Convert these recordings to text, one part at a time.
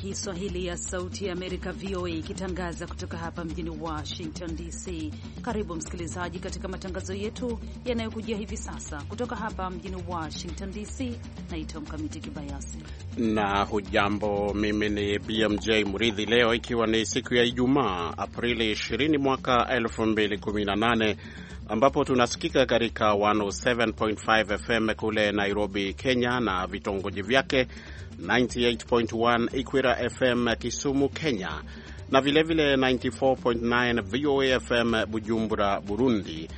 Kiswahili ya Sauti ya Amerika, VOA, ikitangaza kutoka hapa mjini Washington DC. Karibu msikilizaji katika matangazo yetu yanayokujia hivi sasa kutoka hapa mjini Washington DC. Naitwa Mkamiti Kibayasi na hujambo, mimi ni BMJ Mridhi. Leo ikiwa ni siku ya Ijumaa, Aprili 20 mwaka 2018 ambapo tunasikika katika 107.5 FM kule Nairobi, Kenya na vitongoji vyake, 98.1 Ikwira FM Kisumu, Kenya na vilevile 94.9 VOA FM Bujumbura, Burundi.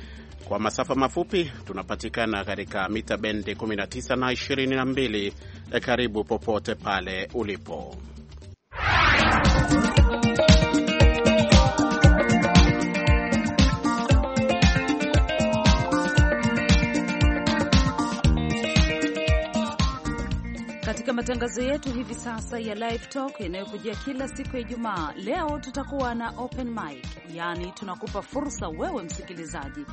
Kwa masafa mafupi tunapatikana katika mita bendi 19 na 22. Karibu popote pale ulipo katika matangazo yetu hivi sasa ya Live Talk yanayokujia kila siku ya Ijumaa. Leo tutakuwa na open mic, yaani tunakupa fursa wewe msikilizaji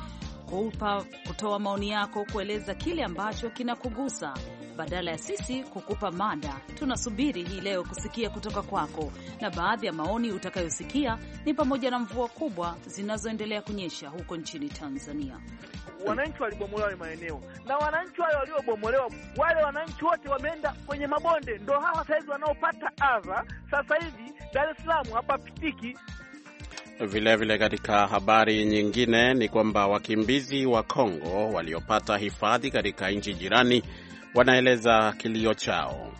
kupa kutoa maoni yako, kueleza kile ambacho kinakugusa badala ya sisi kukupa mada. Tunasubiri hii leo kusikia kutoka kwako, na baadhi ya maoni utakayosikia ni pamoja na mvua kubwa zinazoendelea kunyesha huko nchini Tanzania. Wananchi walibomolewa maeneo, na wananchi wale waliobomolewa, wale wananchi wote wameenda kwenye mabonde, ndo hawa sahizi wanaopata adha. Sasa hivi Dar es Salaam hapapitiki. Vilevile, katika habari nyingine ni kwamba wakimbizi wa Kongo waliopata hifadhi katika nchi jirani wanaeleza kilio chao.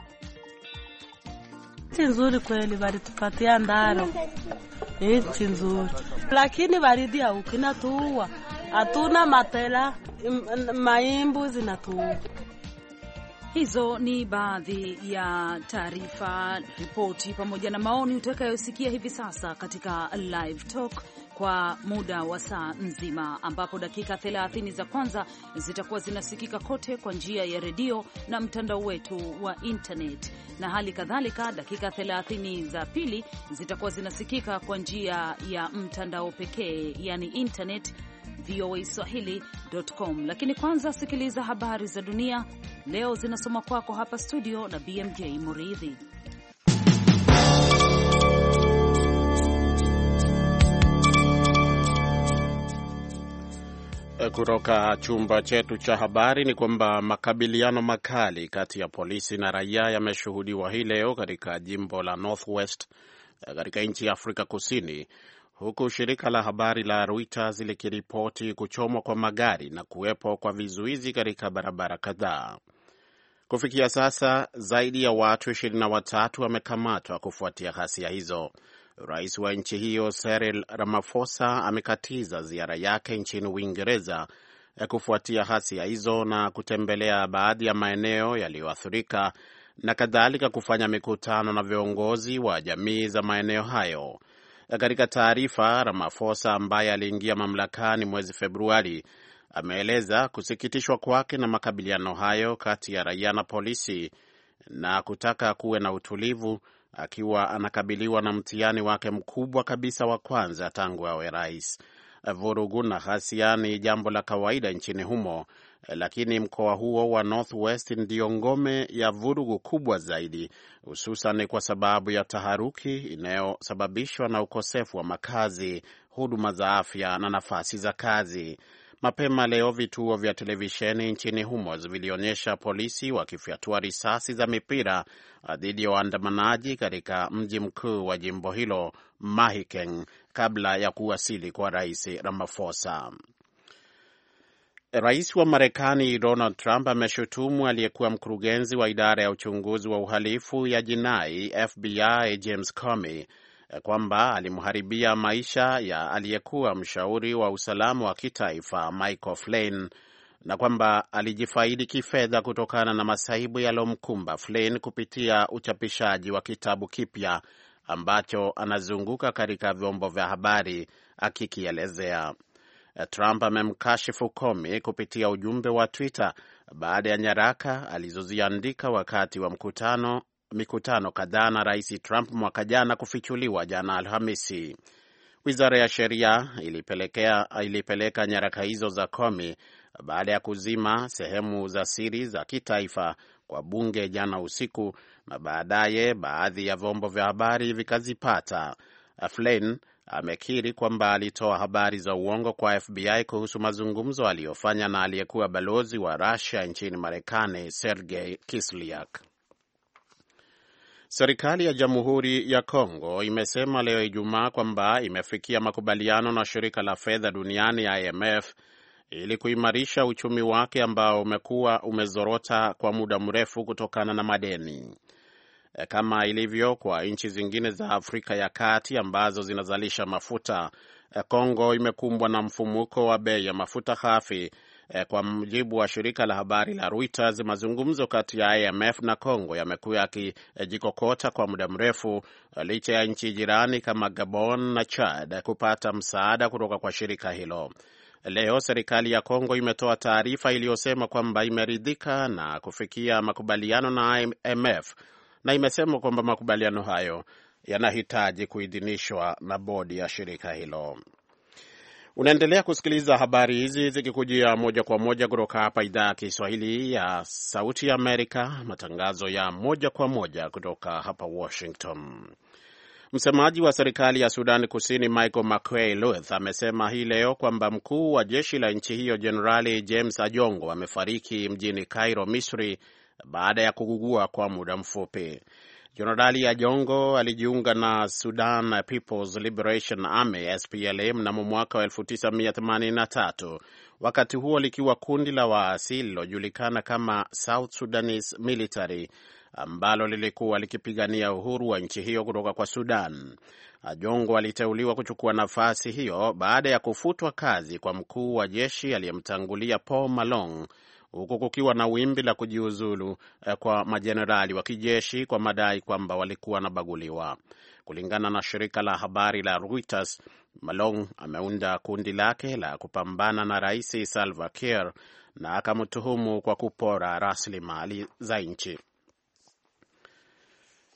Si nzuri kweli, walitupatia ndaro, si nzuri lakini walidia ukinatuua, hatuna matela, maimbu zinatuua. Hizo ni baadhi ya taarifa, ripoti pamoja na maoni utakayosikia hivi sasa katika Live Talk kwa muda wa saa nzima, ambapo dakika 30 za kwanza zitakuwa zinasikika kote kwa njia ya redio na mtandao wetu wa internet, na hali kadhalika dakika 30 za pili zitakuwa zinasikika kwa njia ya mtandao pekee, yani internet VOA Swahili.com. Lakini kwanza sikiliza habari za dunia leo zinasoma kwako hapa studio na BMJ Muridhi. kutoka chumba chetu cha habari ni kwamba makabiliano makali kati ya polisi na raia yameshuhudiwa hii leo katika jimbo la Northwest eh, katika nchi ya Afrika Kusini, huku shirika la habari la Reuters likiripoti kuchomwa kwa magari na kuwepo kwa vizuizi katika barabara kadhaa. Kufikia sasa zaidi ya watu watatu wamekamatwa kufuatia ghasia hizo. Rais wa nchi hiyo Cyril Ramaphosa amekatiza ziara yake nchini Uingereza ya eh, kufuatia hasia hizo na kutembelea baadhi ya maeneo yaliyoathirika na kadhalika kufanya mikutano na viongozi wa jamii za maeneo hayo. Eh, katika taarifa, Ramaphosa ambaye aliingia mamlakani mwezi Februari ameeleza kusikitishwa kwake na makabiliano hayo kati ya raia na polisi na kutaka kuwe na utulivu akiwa anakabiliwa na mtihani wake mkubwa kabisa wa kwanza tangu awe rais. Vurugu na ghasia ni jambo la kawaida nchini humo, lakini mkoa huo wa Northwest ndiyo ngome ya vurugu kubwa zaidi, hususan kwa sababu ya taharuki inayosababishwa na ukosefu wa makazi, huduma za afya na nafasi za kazi. Mapema leo vituo vya televisheni nchini humo vilionyesha polisi wakifyatua risasi za mipira uh, dhidi ya waandamanaji katika mji mkuu wa jimbo hilo Mahikeng, kabla ya kuwasili kwa Rais Ramaphosa. Rais wa Marekani Donald Trump ameshutumu aliyekuwa mkurugenzi wa idara ya uchunguzi wa uhalifu ya jinai FBI James Comey Eh, kwamba alimharibia maisha ya aliyekuwa mshauri wa usalama wa kitaifa Michael Flynn na kwamba alijifaidi kifedha kutokana na masaibu yaliyomkumba Flynn kupitia uchapishaji wa kitabu kipya ambacho anazunguka katika vyombo vya habari akikielezea. Eh, Trump amemkashifu Comey kupitia ujumbe wa Twitter baada ya nyaraka alizoziandika wakati wa mkutano mikutano kadhaa na Rais Trump mwaka jana kufichuliwa jana Alhamisi. Wizara ya Sheria ilipeleka nyaraka hizo za Comey baada ya kuzima sehemu za siri za kitaifa kwa bunge jana usiku, na baadaye baadhi ya vyombo vya habari vikazipata. Flynn amekiri kwamba alitoa habari za uongo kwa FBI kuhusu mazungumzo aliyofanya na aliyekuwa balozi wa russia nchini Marekani Sergey Kislyak. Serikali ya Jamhuri ya Kongo imesema leo Ijumaa kwamba imefikia makubaliano na shirika la fedha duniani IMF ili kuimarisha uchumi wake ambao umekuwa umezorota kwa muda mrefu kutokana na madeni. E, kama ilivyo kwa nchi zingine za Afrika ya Kati ambazo zinazalisha mafuta, e, Kongo imekumbwa na mfumuko wa bei ya mafuta ghafi Eh, kwa mujibu wa shirika la habari la Reuters, mazungumzo kati ya IMF na Congo yamekuwa yakijikokota kwa muda mrefu eh, licha ya nchi jirani kama Gabon na Chad kupata msaada kutoka kwa shirika hilo. Leo serikali ya Kongo imetoa taarifa iliyosema kwamba imeridhika na kufikia makubaliano na IMF na imesema kwamba makubaliano hayo yanahitaji kuidhinishwa na bodi ya shirika hilo. Unaendelea kusikiliza habari hizi zikikujia moja kwa moja kutoka hapa idhaa ya Kiswahili ya Sauti ya Amerika, matangazo ya moja kwa moja kutoka hapa Washington. Msemaji wa serikali ya Sudan Kusini Michael Makuei Luth amesema hii leo kwamba mkuu wa jeshi la nchi hiyo Jenerali James Ajongo amefariki mjini Cairo, Misri, baada ya kugugua kwa muda mfupi. Jenerali Ajongo alijiunga na Sudan People's Liberation Army SPLA mnamo mwaka wa 1983 wakati huo likiwa kundi la waasi lilojulikana kama South Sudanese Military ambalo lilikuwa likipigania uhuru wa nchi hiyo kutoka kwa Sudan. Ajongo aliteuliwa kuchukua nafasi hiyo baada ya kufutwa kazi kwa mkuu wa jeshi aliyemtangulia Paul Malong huku kukiwa na wimbi la kujiuzulu eh, kwa majenerali wa kijeshi kwa madai kwamba walikuwa wanabaguliwa. Kulingana na shirika la habari la Reuters, Malong ameunda kundi lake la kupambana na Rais Salva Kiir na akamtuhumu kwa kupora rasilimali za nchi.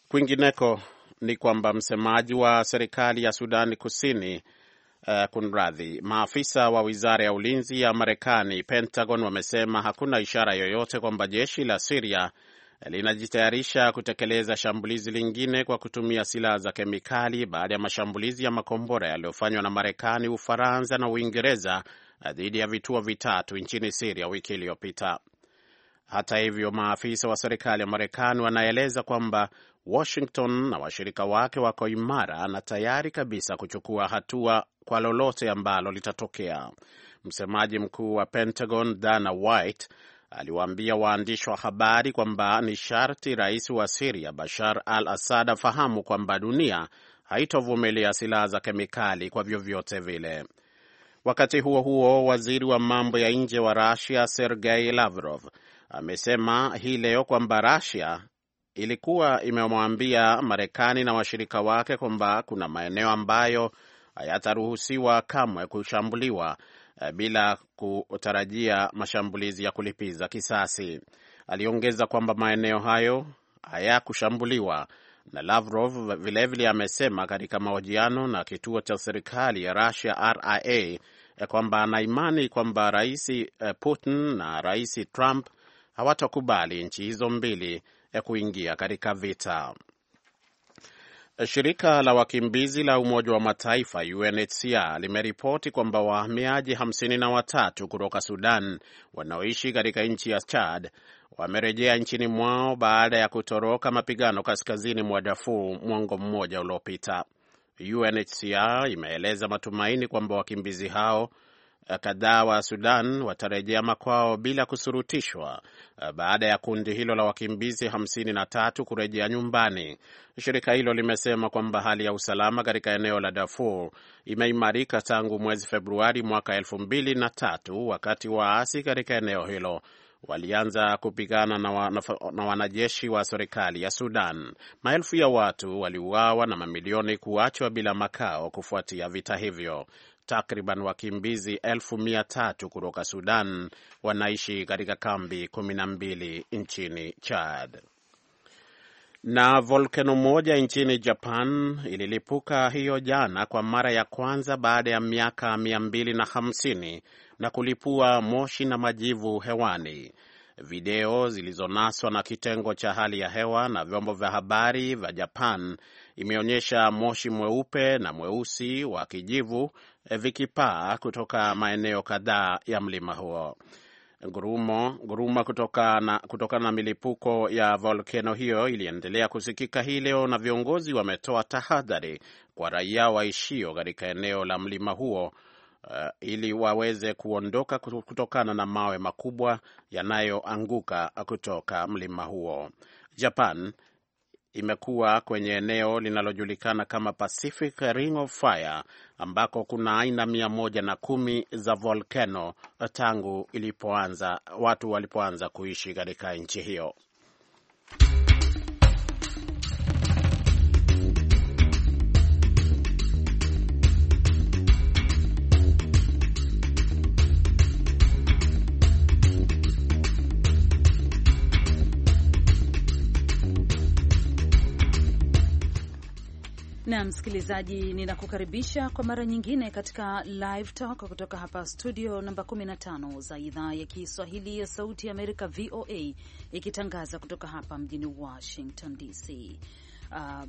Kwingineko ni kwamba msemaji wa serikali ya Sudani Kusini Uh, kunradhi, maafisa wa wizara ya ulinzi ya Marekani, Pentagon, wamesema hakuna ishara yoyote kwamba jeshi la Siria linajitayarisha kutekeleza shambulizi lingine kwa kutumia silaha za kemikali baada ya mashambulizi ya makombora yaliyofanywa na Marekani, Ufaransa na Uingereza dhidi ya vituo vitatu nchini Siria wiki iliyopita. Hata hivyo, maafisa wa serikali ya Marekani wanaeleza kwamba Washington na washirika wake wako imara na tayari kabisa kuchukua hatua kwa lolote ambalo litatokea. Msemaji mkuu wa Pentagon Dana White aliwaambia waandishi wa habari kwamba ni sharti rais wa Siria Bashar al Assad afahamu kwamba dunia haitovumilia silaha za kemikali kwa vyovyote vile. Wakati huo huo, waziri wa mambo ya nje wa Rusia Sergei Lavrov amesema hii leo kwamba Russia ilikuwa imemwambia Marekani na washirika wake kwamba kuna maeneo ambayo hayataruhusiwa kamwe kushambuliwa eh, bila kutarajia mashambulizi ya kulipiza kisasi. Aliongeza kwamba maeneo hayo hayakushambuliwa. Na Lavrov vilevile amesema katika mahojiano na kituo cha serikali ya Russia RIA eh, kwamba anaimani kwamba Rais eh, Putin na Rais Trump hawatakubali nchi hizo mbili ya eh, kuingia katika vita. Shirika la wakimbizi la Umoja wa Mataifa UNHCR limeripoti kwamba wahamiaji hamsini na watatu kutoka Sudan wanaoishi katika nchi ya Chad wamerejea nchini mwao baada ya kutoroka mapigano kaskazini mwa Darfur mwongo mmoja uliopita. UNHCR imeeleza matumaini kwamba wakimbizi hao Eh, kadhaa wa Sudan watarejea makwao bila kusurutishwa eh, baada ya kundi hilo la wakimbizi 53 kurejea nyumbani. Shirika hilo limesema kwamba hali ya usalama katika eneo la Darfur imeimarika tangu mwezi Februari mwaka 2003 wakati waasi katika eneo hilo walianza kupigana na, wa, na wanajeshi wa serikali ya Sudan. Maelfu ya watu waliuawa na mamilioni kuachwa bila makao kufuatia vita hivyo. Takriban wakimbizi elfu mia tatu kutoka Sudan wanaishi katika kambi kumi na mbili nchini Chad. Na volkeno moja nchini Japan ililipuka hiyo jana kwa mara ya kwanza baada ya miaka mia mbili na hamsini na kulipua moshi na majivu hewani. Video zilizonaswa na kitengo cha hali ya hewa na vyombo vya habari vya Japan imeonyesha moshi mweupe na mweusi wa kijivu Eh, vikipaa kutoka maeneo kadhaa ya mlima huo. Ngurumo, nguruma kutokana na, kutoka na milipuko ya volkeno hiyo iliendelea kusikika hii leo, na viongozi wametoa tahadhari kwa raia waishio katika eneo la mlima huo uh, ili waweze kuondoka kutokana na mawe makubwa yanayoanguka kutoka mlima huo. Japan imekuwa kwenye eneo linalojulikana kama Pacific Ring of Fire ambako kuna aina mia moja na kumi za volcano tangu ilipoanza watu walipoanza kuishi katika nchi hiyo. Na msikilizaji, ninakukaribisha kwa mara nyingine katika Live Talk kutoka hapa studio namba 15 za idhaa ya Kiswahili ya Sauti ya Amerika, VOA, ikitangaza kutoka hapa mjini Washington DC. Uh, ah,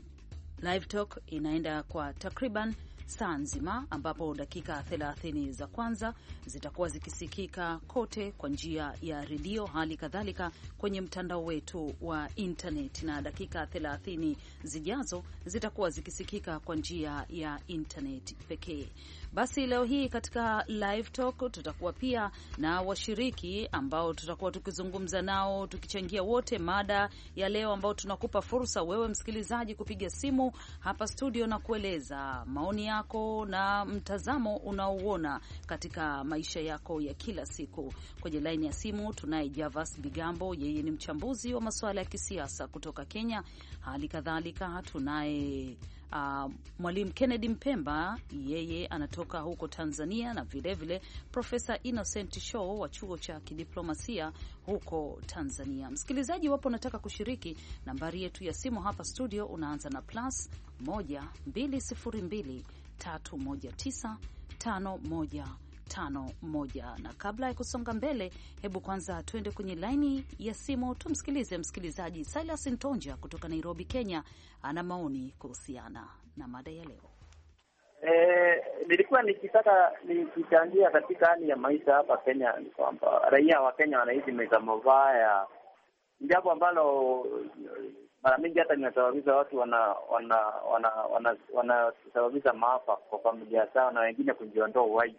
Live Talk inaenda kwa takriban saa nzima ambapo dakika 30 za kwanza zitakuwa zikisikika kote kwa njia ya redio, hali kadhalika kwenye mtandao wetu wa internet, na dakika 30 zijazo zitakuwa zikisikika kwa njia ya internet pekee. Basi leo hii katika live talk tutakuwa pia na washiriki ambao tutakuwa tukizungumza nao, tukichangia wote mada ya leo, ambao tunakupa fursa wewe msikilizaji kupiga simu hapa studio na kueleza maoni yako na mtazamo unaouona katika maisha yako ya kila siku. Kwenye laini ya simu tunaye Javas Bigambo, yeye ni mchambuzi wa masuala ya kisiasa kutoka Kenya. Hali kadhalika tunaye uh, Mwalimu Kennedy Mpemba yeye anatoka huko Tanzania, na vilevile Profesa Innocent Show wa chuo cha kidiplomasia huko Tanzania. Msikilizaji wapo, unataka kushiriki, nambari yetu ya simu hapa studio unaanza na plus 1 202 319 51 51. Na kabla ya kusonga mbele, hebu kwanza tuende kwenye laini ya simu tumsikilize msikilizaji Silas Ntonja kutoka Nairobi, Kenya. Ana maoni kuhusiana na mada ya leo. E, nilikuwa nikitaka nikichangia katika hali ya maisha hapa Kenya, ni kwamba raia wa Kenya wanahizi meza mavaya jambo ambalo mara mingi hata linasababisha watu wana- wanasababisha wana, wana, wana maafa kwa familia zao na wengine kujiondoa uhai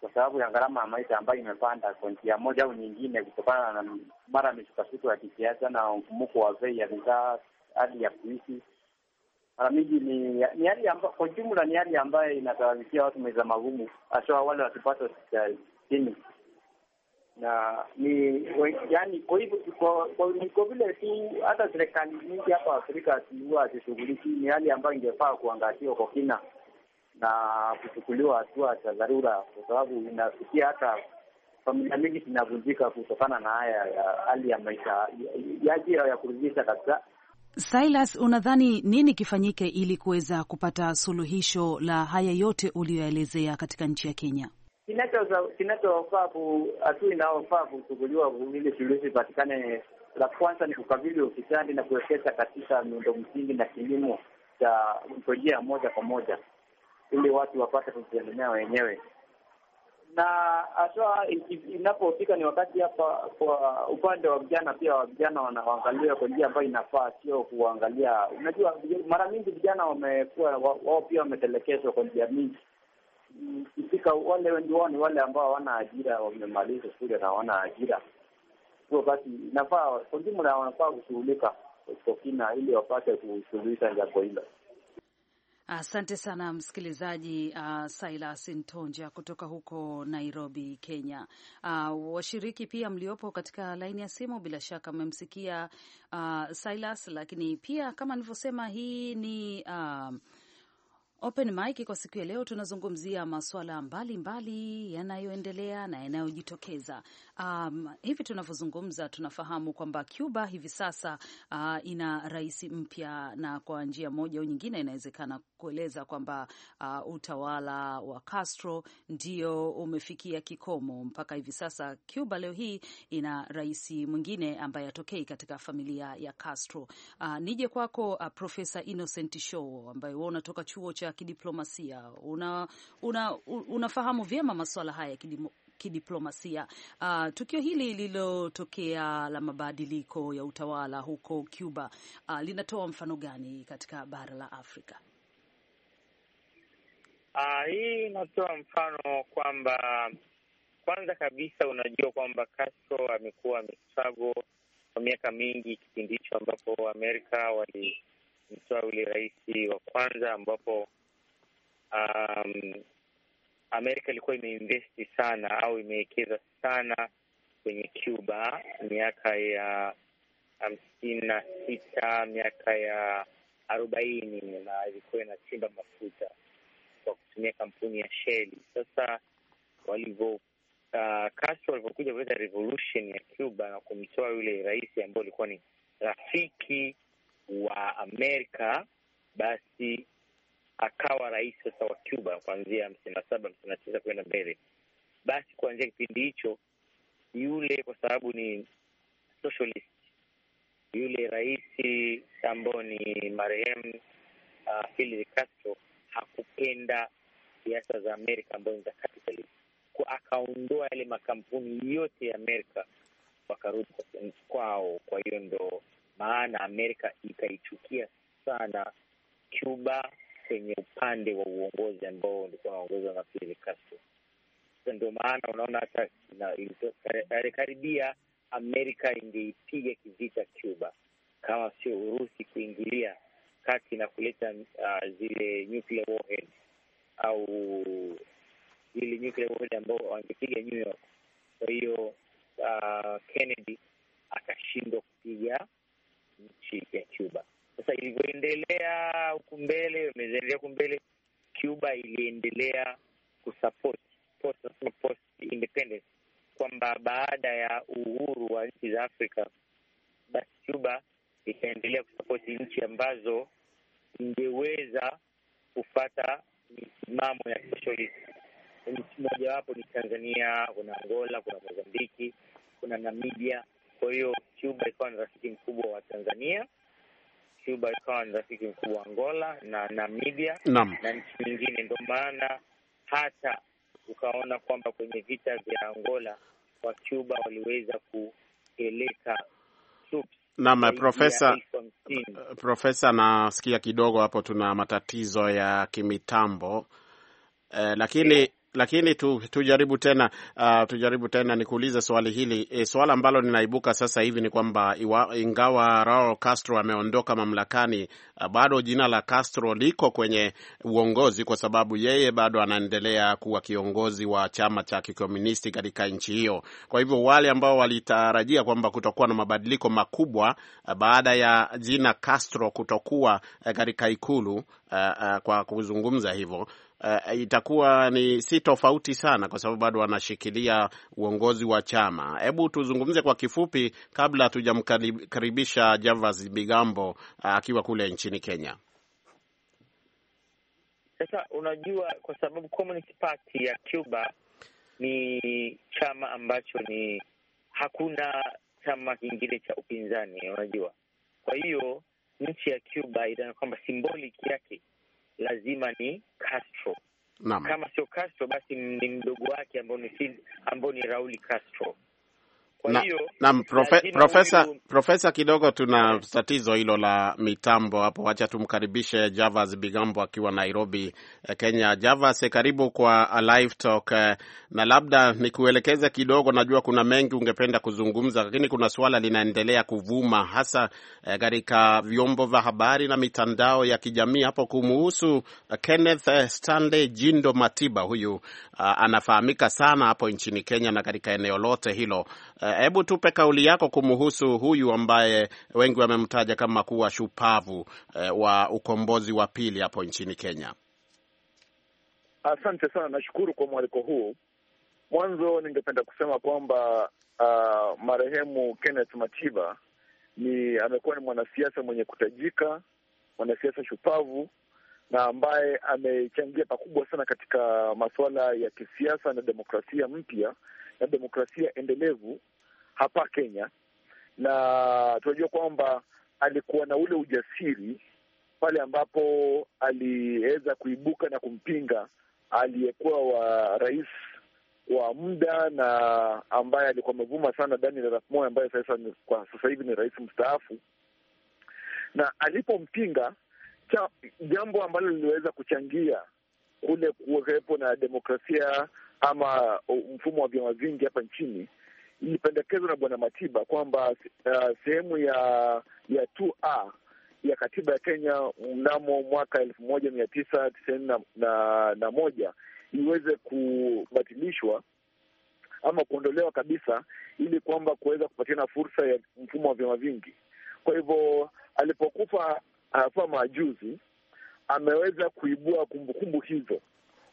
kwa sababu ya gharama ya maisha ambayo imepanda kwa njia moja au nyingine, kutokana na mara mishukasuko ya kisiasa na mfumuko wa bei ya bidhaa, hali ya kuishi mara mingi ni hali kwa jumla, ni hali ambayo inasababishia watu maisha magumu, asoa wale wa kipato cha chini na ni yani, kwa hivyo kwa vile tu hata serikali nyingi hapa Afrika huwa hazishughuliki, ni hali ambayo ingefaa kuangaziwa kwa kina na kuchukuliwa hatua za dharura, kwa sababu inafikia hata familia mingi zinavunjika kutokana na haya ya hali ya maisha ya ajira ya kuridhisha kabisa. Silas, unadhani nini kifanyike ili kuweza kupata suluhisho la haya yote uliyoelezea katika nchi ya Kenya? Kinachofaa, hatua inayofaa kuchukuliwa ili suluhisho ipatikane, la kwanza ni kukabili ufisadi na kuwekeza katika miundo msingi na kilimo cha ja, moja kwa moja ili watu wapate kujitegemea wenyewe. Na hata inapofika ni wakati hapa, kwa upande wa vijana pia, vijana wanaangalia kwa njia ambayo inafaa, sio kuangalia. Unajua, mara mingi vijana wamekuwa wao pia wametelekezwa kwa njia mingi kifika wale wao ni wale ambao hawana ajira, wamemaliza shule na hawana ajira. Hiyo basi, inafaa kwa jumla wanafaa kushughulika kwa kina, ili wapate kusuluhisha jambo hilo. Asante sana msikilizaji uh, Silas Ntonja kutoka huko Nairobi, Kenya. Uh, washiriki pia mliopo katika laini ya simu, bila shaka mmemsikia uh, Silas, lakini pia kama nilivyosema, hii ni uh, Open mic kwa siku ya leo tunazungumzia masuala mbalimbali yanayoendelea na yanayojitokeza. Um, hivi tunavyozungumza tunafahamu kwamba Cuba hivi sasa uh, ina rais mpya, na kwa njia moja au nyingine inawezekana kueleza kwamba uh, utawala wa Castro ndio umefikia kikomo mpaka hivi sasa. Cuba leo hii ina rais mwingine ambaye atokei katika familia ya Castro. Uh, nije kwako uh, Profesa Innocent Show ambaye wewe unatoka chuo cha kidiplomasia una, una, unafahamu vyema masuala haya ya kidiplomasia. Uh, tukio hili lililotokea la mabadiliko ya utawala huko Cuba uh, linatoa mfano gani katika bara la Afrika? Uh, hii inatoa mfano kwamba kwanza kabisa unajua kwamba Castro amekuwa misago kwa miaka mingi, kipindi hicho ambapo Amerika walimtoa yule rais wa kwanza, ambapo um, Amerika ilikuwa imeinvesti sana au imewekeza sana kwenye Cuba miaka ya hamsini na sita miaka ya arobaini na ilikuwa inachimba mafuta kwa kutumia kampuni ya Shell. Sasa walivyo uh, Castro walivyokuja kuleta revolution ya Cuba na kumtoa yule rais ambaye alikuwa ni rafiki wa Amerika, basi akawa rais sasa wa Cuba kuanzia hamsini na saba hamsini na tisa kwenda mbele, basi kuanzia kipindi hicho yule, kwa sababu ni socialist, yule rais ambao ni marehemu uh, Fidel Castro hakupenda siasa za Amerika ambazo ni za kwa akaondoa yale makampuni yote ya Amerika wakarudi kwao. Kwa hiyo ndo maana Amerika ikaichukia sana Cuba kwenye upande wa uongozi ambao ulikuwa unaongozwa na Fidel Castro. Sasa ndio maana unaona hata alikaribia Amerika ingeipiga kivita Cuba kama sio Urusi kuingilia kati na kuleta uh, zile nuclear warhead au zile nuclear warhead ambao wangepiga New York. Kwa hiyo uh, Kennedy akashindwa kupiga nchi ya Cuba. Sasa ilivyoendelea huku mbele, imeendelea huku mbele, Cuba iliendelea kusupport post post independence, kwamba baada ya uhuru wa nchi za Afrika, basi Cuba ikaendelea kusapoti nchi ambazo ingeweza kufata misimamo ya socialist. Mojawapo ni Tanzania, kuna Angola, kuna Mozambiki, kuna Namibia. Kwa hiyo Cuba ikawa na rafiki mkubwa wa Tanzania Cuba ikawa ni rafiki mkubwa wa Angola na Namibia Nam. na nchi nyingine. Ndio maana hata ukaona kwamba kwenye vita vya Angola wa Cuba waliweza kupeleka troops Naam, profesa eh, profesa, nasikia kidogo hapo tuna matatizo ya kimitambo eh, lakini yeah lakini tu, tujaribu tena uh, tujaribu tena nikuulize swali hili e, swala ambalo linaibuka sasa hivi ni kwamba ingawa Raul Castro ameondoka mamlakani, uh, bado jina la Castro liko kwenye uongozi kwa sababu yeye bado anaendelea kuwa kiongozi wa chama cha kikomunisti katika nchi hiyo. Kwa hivyo wale ambao walitarajia kwamba kutokuwa na mabadiliko makubwa uh, baada ya jina Castro kutokuwa uh, katika uh, ikulu uh, uh, kwa kuzungumza hivyo uh, itakuwa ni si tofauti sana, kwa sababu bado wanashikilia uongozi wa chama. Hebu tuzungumze kwa kifupi, kabla hatujamkaribisha Javas Bigambo eh, akiwa kule nchini Kenya. Sasa unajua, kwa sababu Communist Party ya Cuba ni chama ambacho ni hakuna chama kingine cha upinzani, unajua. Kwa hiyo nchi ya Cuba ina kwamba simboliki yake lazima ni Castro. Naam. Kama sio Castro basi ni mdogo wake ambao ni Raul Castro. Na, hiyo naam, profesa profesa, kidogo tuna tatizo hilo la mitambo hapo. Wacha tumkaribishe Javas Bigambo akiwa Nairobi, eh, Kenya. Javas, eh, karibu kwa eh, Live Talk, na labda nikuelekeze kidogo. Najua kuna mengi ungependa kuzungumza, lakini kuna suala linaendelea kuvuma hasa katika vyombo vya habari na mitandao ya kijamii hapo kumuhusu Kenneth Stanley Jindo Matiba, huyu Uh, anafahamika sana hapo nchini Kenya na katika eneo lote hilo. Uh, hebu tupe kauli yako kumuhusu huyu ambaye wengi wamemtaja kama kuwa shupavu uh, wa ukombozi wa pili hapo nchini Kenya. Asante sana, nashukuru kwa mwaliko huu. Mwanzo ningependa kusema kwamba uh, marehemu Kenneth Matiba ni amekuwa ni mwanasiasa mwenye kutajika, mwanasiasa shupavu na ambaye amechangia pakubwa sana katika masuala ya kisiasa na demokrasia mpya na demokrasia endelevu hapa Kenya, na tunajua kwamba alikuwa na ule ujasiri pale ambapo aliweza kuibuka na kumpinga aliyekuwa wa rais wa muda na ambaye alikuwa amevuma sana Daniel Arap Moi ambaye sasa kwa sasa hivi ni rais mstaafu, na alipompinga cha, jambo ambalo liliweza kuchangia kule kuwepo na demokrasia ama mfumo wa vyama vingi hapa nchini ilipendekezwa na Bwana Matiba kwamba uh, sehemu ya ya 2A ya katiba ya Kenya mnamo mwaka elfu moja mia tisa tisini na, na, na moja iweze kubatilishwa ama kuondolewa kabisa ili kwamba kuweza kupatiana fursa ya mfumo wa vyama vingi. Kwa hivyo alipokufa hasa majuzi, ameweza kuibua kumbukumbu hizo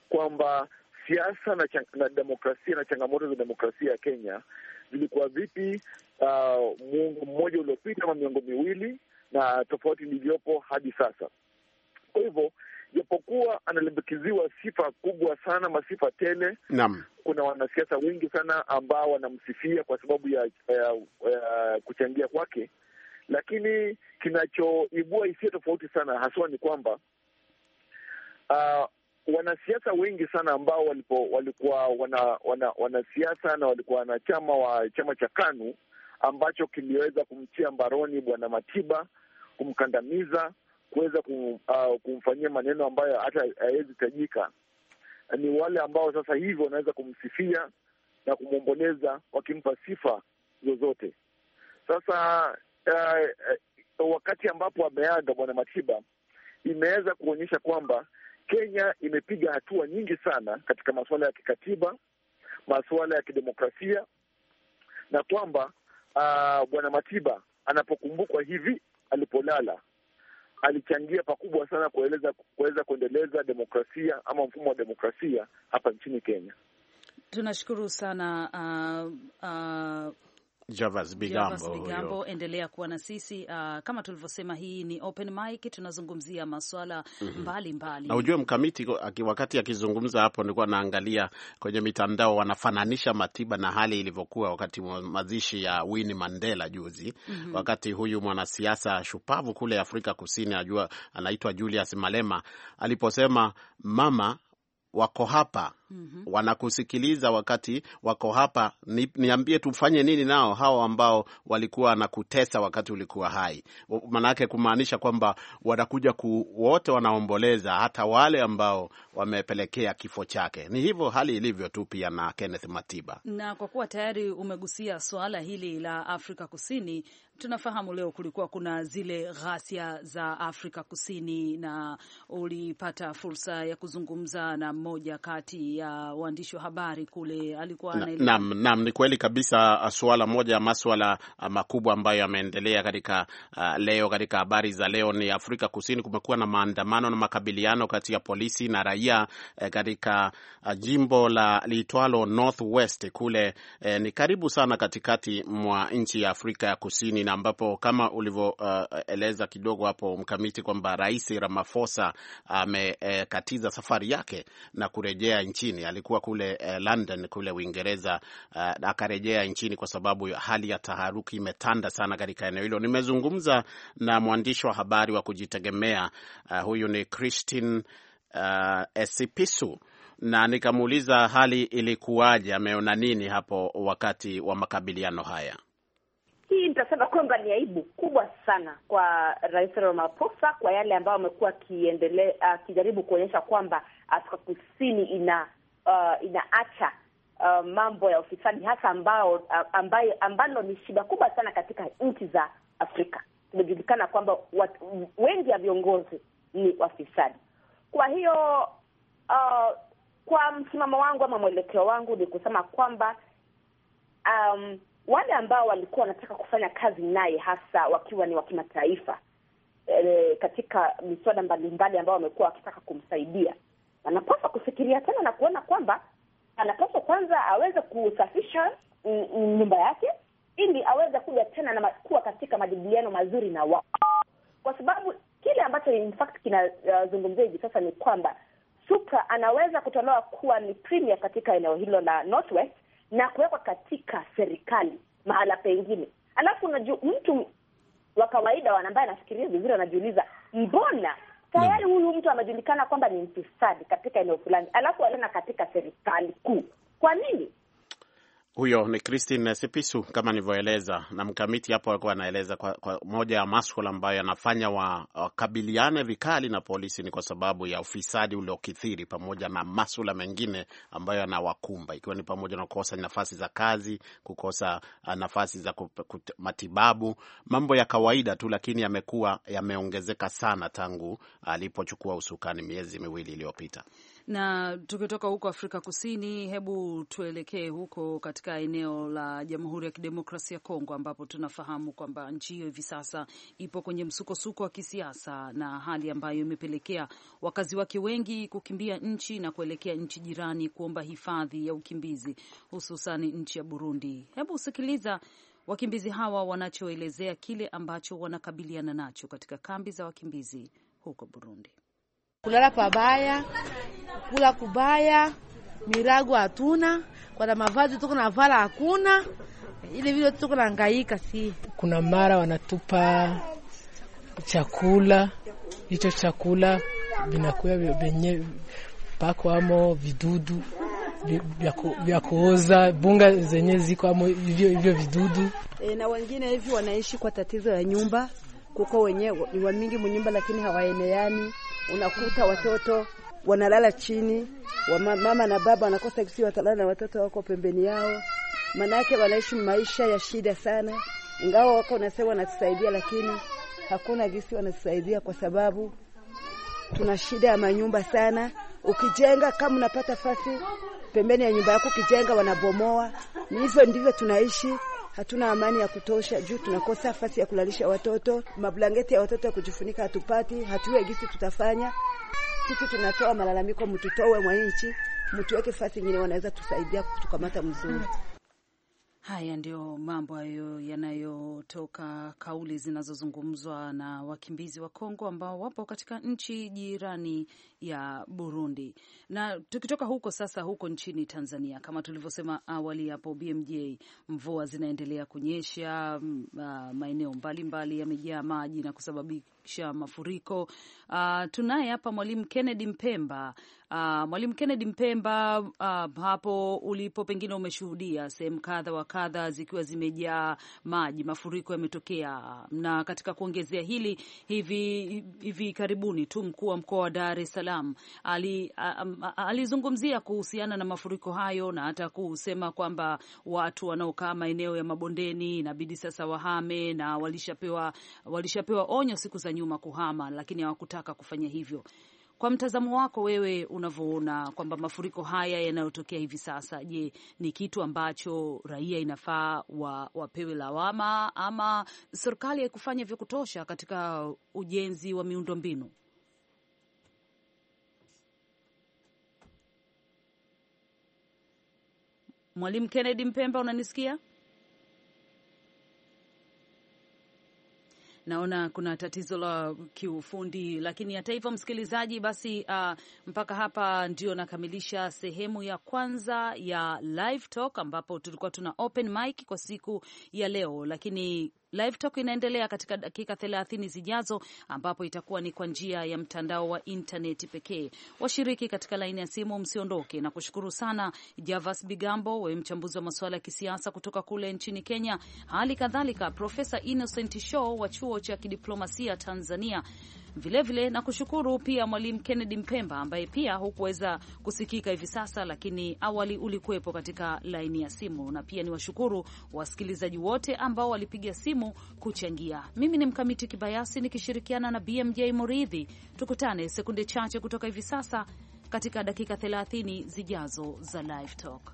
kwamba siasa na, na demokrasia na changamoto za demokrasia ya Kenya zilikuwa vipi uh, muongo mmoja uliopita ama miongo miwili na tofauti ilivyopo hadi sasa. Kwa hivyo japokuwa analimbikiziwa sifa kubwa sana, masifa tele. Nam. kuna wanasiasa wengi sana ambao wanamsifia kwa sababu ya, ya, ya kuchangia kwake lakini kinachoibua hisia tofauti sana haswa ni kwamba uh, wanasiasa wengi sana ambao walipo, walikuwa wana, wana, wanasiasa na walikuwa wanachama wa chama cha KANU ambacho kiliweza kumtia mbaroni Bwana Matiba, kumkandamiza, kuweza kum, uh, kumfanyia maneno ambayo hata hawezi tajika, ni wale ambao sasa hivi wanaweza kumsifia na kumwomboleza wakimpa sifa zozote. Sasa uh, wakati ambapo ameaga bwana Matiba, imeweza kuonyesha kwamba Kenya imepiga hatua nyingi sana katika masuala ya kikatiba, masuala ya kidemokrasia na kwamba uh, bwana Matiba anapokumbukwa hivi alipolala alichangia pakubwa sana kueleza kuweza kuendeleza demokrasia ama mfumo wa demokrasia hapa nchini Kenya. Tunashukuru sana uh, uh, Javas Bigambo, Bigambo endelea kuwa na sisi. Uh, kama tulivyosema, hii ni open mic, tunazungumzia maswala mbalimbali mhm. mm -hmm. Na ujue mkamiti, wakati akizungumza hapo, nilikuwa naangalia kwenye mitandao, wanafananisha Matiba na hali ilivyokuwa wakati wa mazishi ya Winnie Mandela juzi mm -hmm. Wakati huyu mwanasiasa shupavu kule Afrika Kusini, ajua anaitwa Julius Malema aliposema mama wako hapa mm -hmm. Wanakusikiliza wakati wako hapa ni, niambie tufanye nini nao hao ambao walikuwa wanakutesa wakati ulikuwa hai. Maanake kumaanisha kwamba wanakuja ku wote wanaomboleza, hata wale ambao wamepelekea kifo chake. Ni hivyo hali ilivyo tu pia na Kenneth Matiba. Na kwa kuwa tayari umegusia suala hili la Afrika Kusini, tunafahamu leo kulikuwa kuna zile ghasia za Afrika Kusini, na ulipata fursa ya kuzungumza na mmoja kati ya waandishi wa habari kule, alikuwa na, na, ni kweli kabisa, uh, suala moja ya maswala uh, makubwa ambayo yameendelea katika uh, leo katika habari za leo ni Afrika Kusini, kumekuwa na maandamano na makabiliano kati ya polisi na raia eh, katika uh, jimbo la liitwalo Northwest kule, eh, ni karibu sana katikati mwa nchi ya Afrika ya Kusini na ambapo kama ulivyoeleza uh, kidogo hapo mkamiti kwamba Rais Ramaphosa amekatiza uh, safari yake na kurejea nchini. Alikuwa kule uh, London kule Uingereza uh, akarejea nchini kwa sababu hali ya taharuki imetanda sana katika eneo hilo. Nimezungumza na mwandishi wa habari wa kujitegemea uh, huyu ni Christine uh, Esipisu na nikamuuliza hali ilikuwaje, ameona nini hapo wakati wa makabiliano haya hii nitasema kwamba ni aibu kubwa sana kwa Rais Ramaphosa kwa yale ambayo amekuwa akijaribu akijaribu kuonyesha kwamba Afrika Kusini ina uh, inaacha uh, mambo ya ufisadi hasa ambao uh, ambayo ambalo ni shida kubwa sana katika nchi za Afrika. Tumejulikana kwamba wengi ya viongozi ni wafisadi. Kwa hiyo uh, kwa msimamo wangu ama mwelekeo wangu ni kusema kwamba um, wale ambao walikuwa wanataka kufanya kazi naye hasa wakiwa ni wa kimataifa e, katika miswada mbalimbali ambao wamekuwa wakitaka kumsaidia, anapaswa kufikiria tena na kuona kwamba anapaswa kwanza aweze kusafisha mm, mm, nyumba yake ili aweze kuja tena na kuwa katika majadiliano mazuri na wao, kwa sababu kile ambacho in fact kinazungumzia uh, hivi sasa ni kwamba Supra anaweza kutolewa kuwa ni premier katika eneo hilo la Northwest na kuwekwa katika serikali mahala pengine. Alafu unajua mtu wa kawaida ambaye anafikiria vizuri anajiuliza, mbona tayari hmm. huyu mtu amejulikana kwamba ni mfisadi katika eneo fulani, alafu alena katika serikali kuu, kwa nini huyo ni Christine Sipisu kama nilivyoeleza, na mkamiti hapo alikuwa anaeleza kwa, kwa moja ya maswala ambayo yanafanya wakabiliane wa vikali na polisi ni kwa sababu ya ufisadi uliokithiri pamoja na maswala mengine ambayo yanawakumba ikiwa ni pamoja na kukosa nafasi za kazi, kukosa ah, nafasi za matibabu, mambo ya kawaida tu, lakini yamekuwa yameongezeka sana tangu alipochukua usukani miezi miwili iliyopita. Na tukitoka huko Afrika Kusini, hebu tuelekee huko katika eneo la Jamhuri ya Kidemokrasia ya Kongo, ambapo tunafahamu kwamba nchi hiyo hivi sasa ipo kwenye msukosuko wa kisiasa na hali ambayo imepelekea wakazi wake wengi kukimbia nchi na kuelekea nchi jirani kuomba hifadhi ya ukimbizi, hususani nchi ya Burundi. Hebu usikiliza wakimbizi hawa wanachoelezea kile ambacho wanakabiliana nacho katika kambi za wakimbizi huko Burundi kulala pabaya, kula kubaya, mirago hatuna, kwa mavazi tuko navala hakuna, ile vile tuko na ngaika Si kuna mara wanatupa chakula, hicho chakula vinakuwa venye pako amo vidudu vya kuoza bunga zenye ziko amo hivyo hivyo vidudu e, na wengine hivi wanaishi kwa tatizo ya nyumba kuko wenyewe ni wamingi mnyumba, lakini hawaeneani unakuta watoto wanalala chini, mama na baba wanakosa kisi, watalala na watoto wako pembeni yao, manake wanaishi maisha ya shida sana. Ingawa wako unasema wanatusaidia, lakini hakuna gisi wanatusaidia, kwa sababu tuna shida ya manyumba sana. Ukijenga kama unapata fasi pembeni ya nyumba yako, ukijenga wanabomoa. Hivyo ndivyo tunaishi hatuna amani ya kutosha juu tunakosa nafasi ya kulalisha watoto, mablangeti ya watoto ya kujifunika hatupati, hatuwe gisi tutafanya sisi. Tunatoa malalamiko, mtutowe mwa nchi, mtuweke fasi ingine, wanaweza tusaidia kutukamata mzuri. Haya ndio mambo hayo yanayotoka kauli zinazozungumzwa na wakimbizi wa Kongo ambao wapo katika nchi jirani ya Burundi. Na tukitoka huko sasa, huko nchini Tanzania, kama tulivyosema awali hapo BMJ, mvua zinaendelea kunyesha, maeneo mbalimbali yamejaa maji na kusababisha mafuriko. Uh, tunaye hapa Mwalimu Kennedy Mpemba. Uh, Mwalimu Kennedy Mpemba, uh, hapo ulipo pengine umeshuhudia sehemu kadha wa kadha zikiwa zimejaa maji, mafuriko yametokea. Na katika kuongezea hili, hivi hivi karibuni tu mkuu wa mkoa wa Dar es Salaam Salaam alizungumzia kuhusiana na mafuriko hayo na hata kusema kwamba watu wanaokaa maeneo ya mabondeni inabidi sasa wahame, na walishapewa walishapewa onyo siku za nyuma kuhama, lakini hawakutaka kufanya hivyo. Kwa mtazamo wako wewe unavyoona kwamba mafuriko haya yanayotokea hivi sasa, je, ni kitu ambacho raia inafaa wa, wapewe lawama ama serikali haikufanya vya kutosha katika ujenzi wa miundombinu? Mwalimu Kennedy Mpemba, unanisikia? Naona kuna tatizo la kiufundi, lakini hata hivyo, msikilizaji, basi uh, mpaka hapa ndio nakamilisha sehemu ya kwanza ya live talk, ambapo tulikuwa tuna open mic kwa siku ya leo, lakini Live Talk inaendelea katika dakika 30 zijazo, ambapo itakuwa ni kwa njia ya mtandao wa intaneti pekee. Washiriki katika laini ya simu, msiondoke. Na kushukuru sana Javas Bigambo, wewe mchambuzi wa masuala ya kisiasa kutoka kule nchini Kenya, hali kadhalika Profesa Innocent Show wa chuo cha kidiplomasia Tanzania vilevile vile, na kushukuru pia Mwalimu Kennedy Mpemba ambaye pia hukuweza kusikika hivi sasa, lakini awali ulikuwepo katika laini ya simu, na pia ni washukuru wasikilizaji wote ambao walipiga simu muhimu kuchangia. Mimi ni Mkamiti Kibayasi nikishirikiana na BMJ Muridhi. Tukutane sekunde chache kutoka hivi sasa katika dakika 30 zijazo za Live Talk.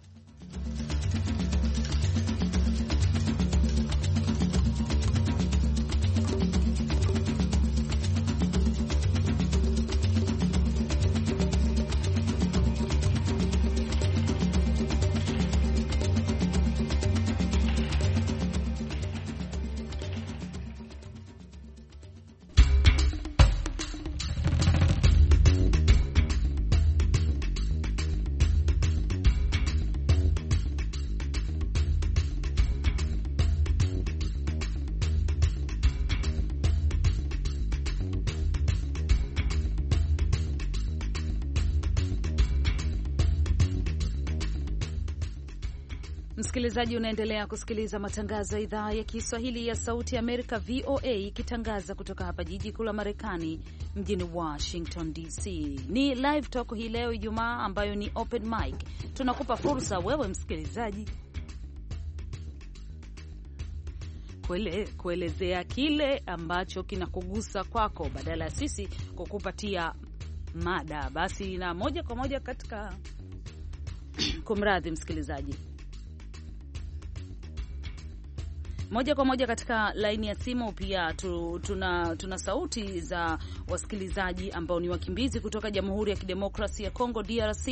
Msikilizaji, unaendelea kusikiliza matangazo ya idhaa ya Kiswahili ya Sauti ya Amerika, VOA, ikitangaza kutoka hapa jiji kuu la Marekani, mjini Washington DC. Ni Live Talk hii leo Ijumaa, ambayo ni open mic. Tunakupa fursa wewe msikilizaji Kuele, kuelezea kile ambacho kinakugusa kwako badala ya sisi kukupatia mada. Basi na moja kwa moja katika kumradhi msikilizaji moja kwa moja katika laini ya simu. Pia tu, tuna, tuna sauti za wasikilizaji ambao ni wakimbizi kutoka Jamhuri ya Kidemokrasi ya Kongo DRC,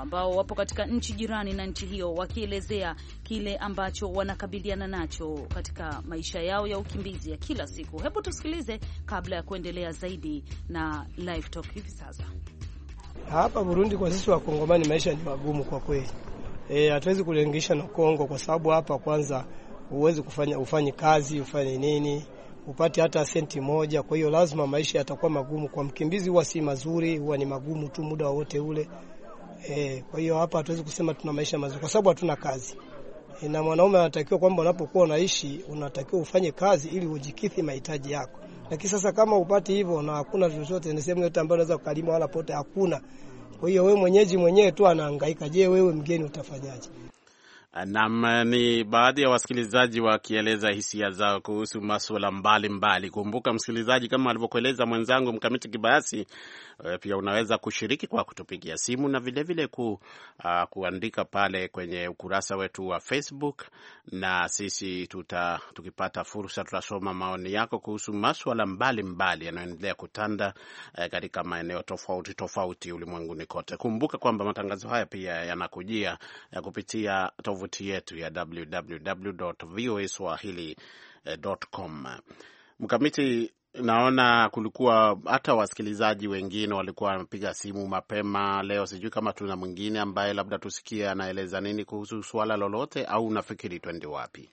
ambao wapo katika nchi jirani na nchi hiyo, wakielezea kile ambacho wanakabiliana nacho katika maisha yao ya ukimbizi ya kila siku. Hebu tusikilize kabla ya kuendelea zaidi na live talk hivi sasa. Hapa Burundi kwa sisi Wakongomani maisha ni magumu kwa kweli. Eh, hatuwezi kulengisha na Kongo kwa sababu hapa kwanza huwezi kufanya ufanye kazi ufanye nini upate hata senti moja. Kwa hiyo lazima maisha yatakuwa magumu kwa mkimbizi, huwa si mazuri, huwa ni magumu tu muda wote ule e. Kwa hiyo hapa hatuwezi kusema tuna maisha mazuri kwa sababu hatuna kazi e, na mwanaume anatakiwa kwamba unapokuwa unaishi unatakiwa ufanye kazi ili ujikithi mahitaji yako, lakini sasa kama upati hivyo na hakuna vyovyote, ni sehemu yote ambayo unaweza kukalima wala pote hakuna. Kwa hiyo wewe mwenyeji mwenyewe tu anahangaika, je, wewe mgeni utafanyaje? Nam ni baadhi ya wasikilizaji wakieleza hisia zao kuhusu maswala mbalimbali. Kumbuka msikilizaji, kama alivyokueleza mwenzangu Mkamiti Kibayasi, Eh, pia unaweza kushiriki kwa kutupigia simu na vilevile vile ku, uh, kuandika pale kwenye ukurasa wetu wa Facebook, na sisi tuta, tukipata fursa tutasoma maoni yako kuhusu maswala mbalimbali yanayoendelea kutanda eh, katika maeneo tofauti tofauti ulimwenguni kote. Kumbuka kwamba matangazo haya pia yanakujia ya eh, kupitia tovuti yetu ya www voaswahili.com. Eh, Mkamiti naona kulikuwa hata wasikilizaji wengine walikuwa wamepiga simu mapema leo. Sijui kama tuna mwingine ambaye labda tusikie anaeleza nini kuhusu suala lolote, au unafikiri twende wapi?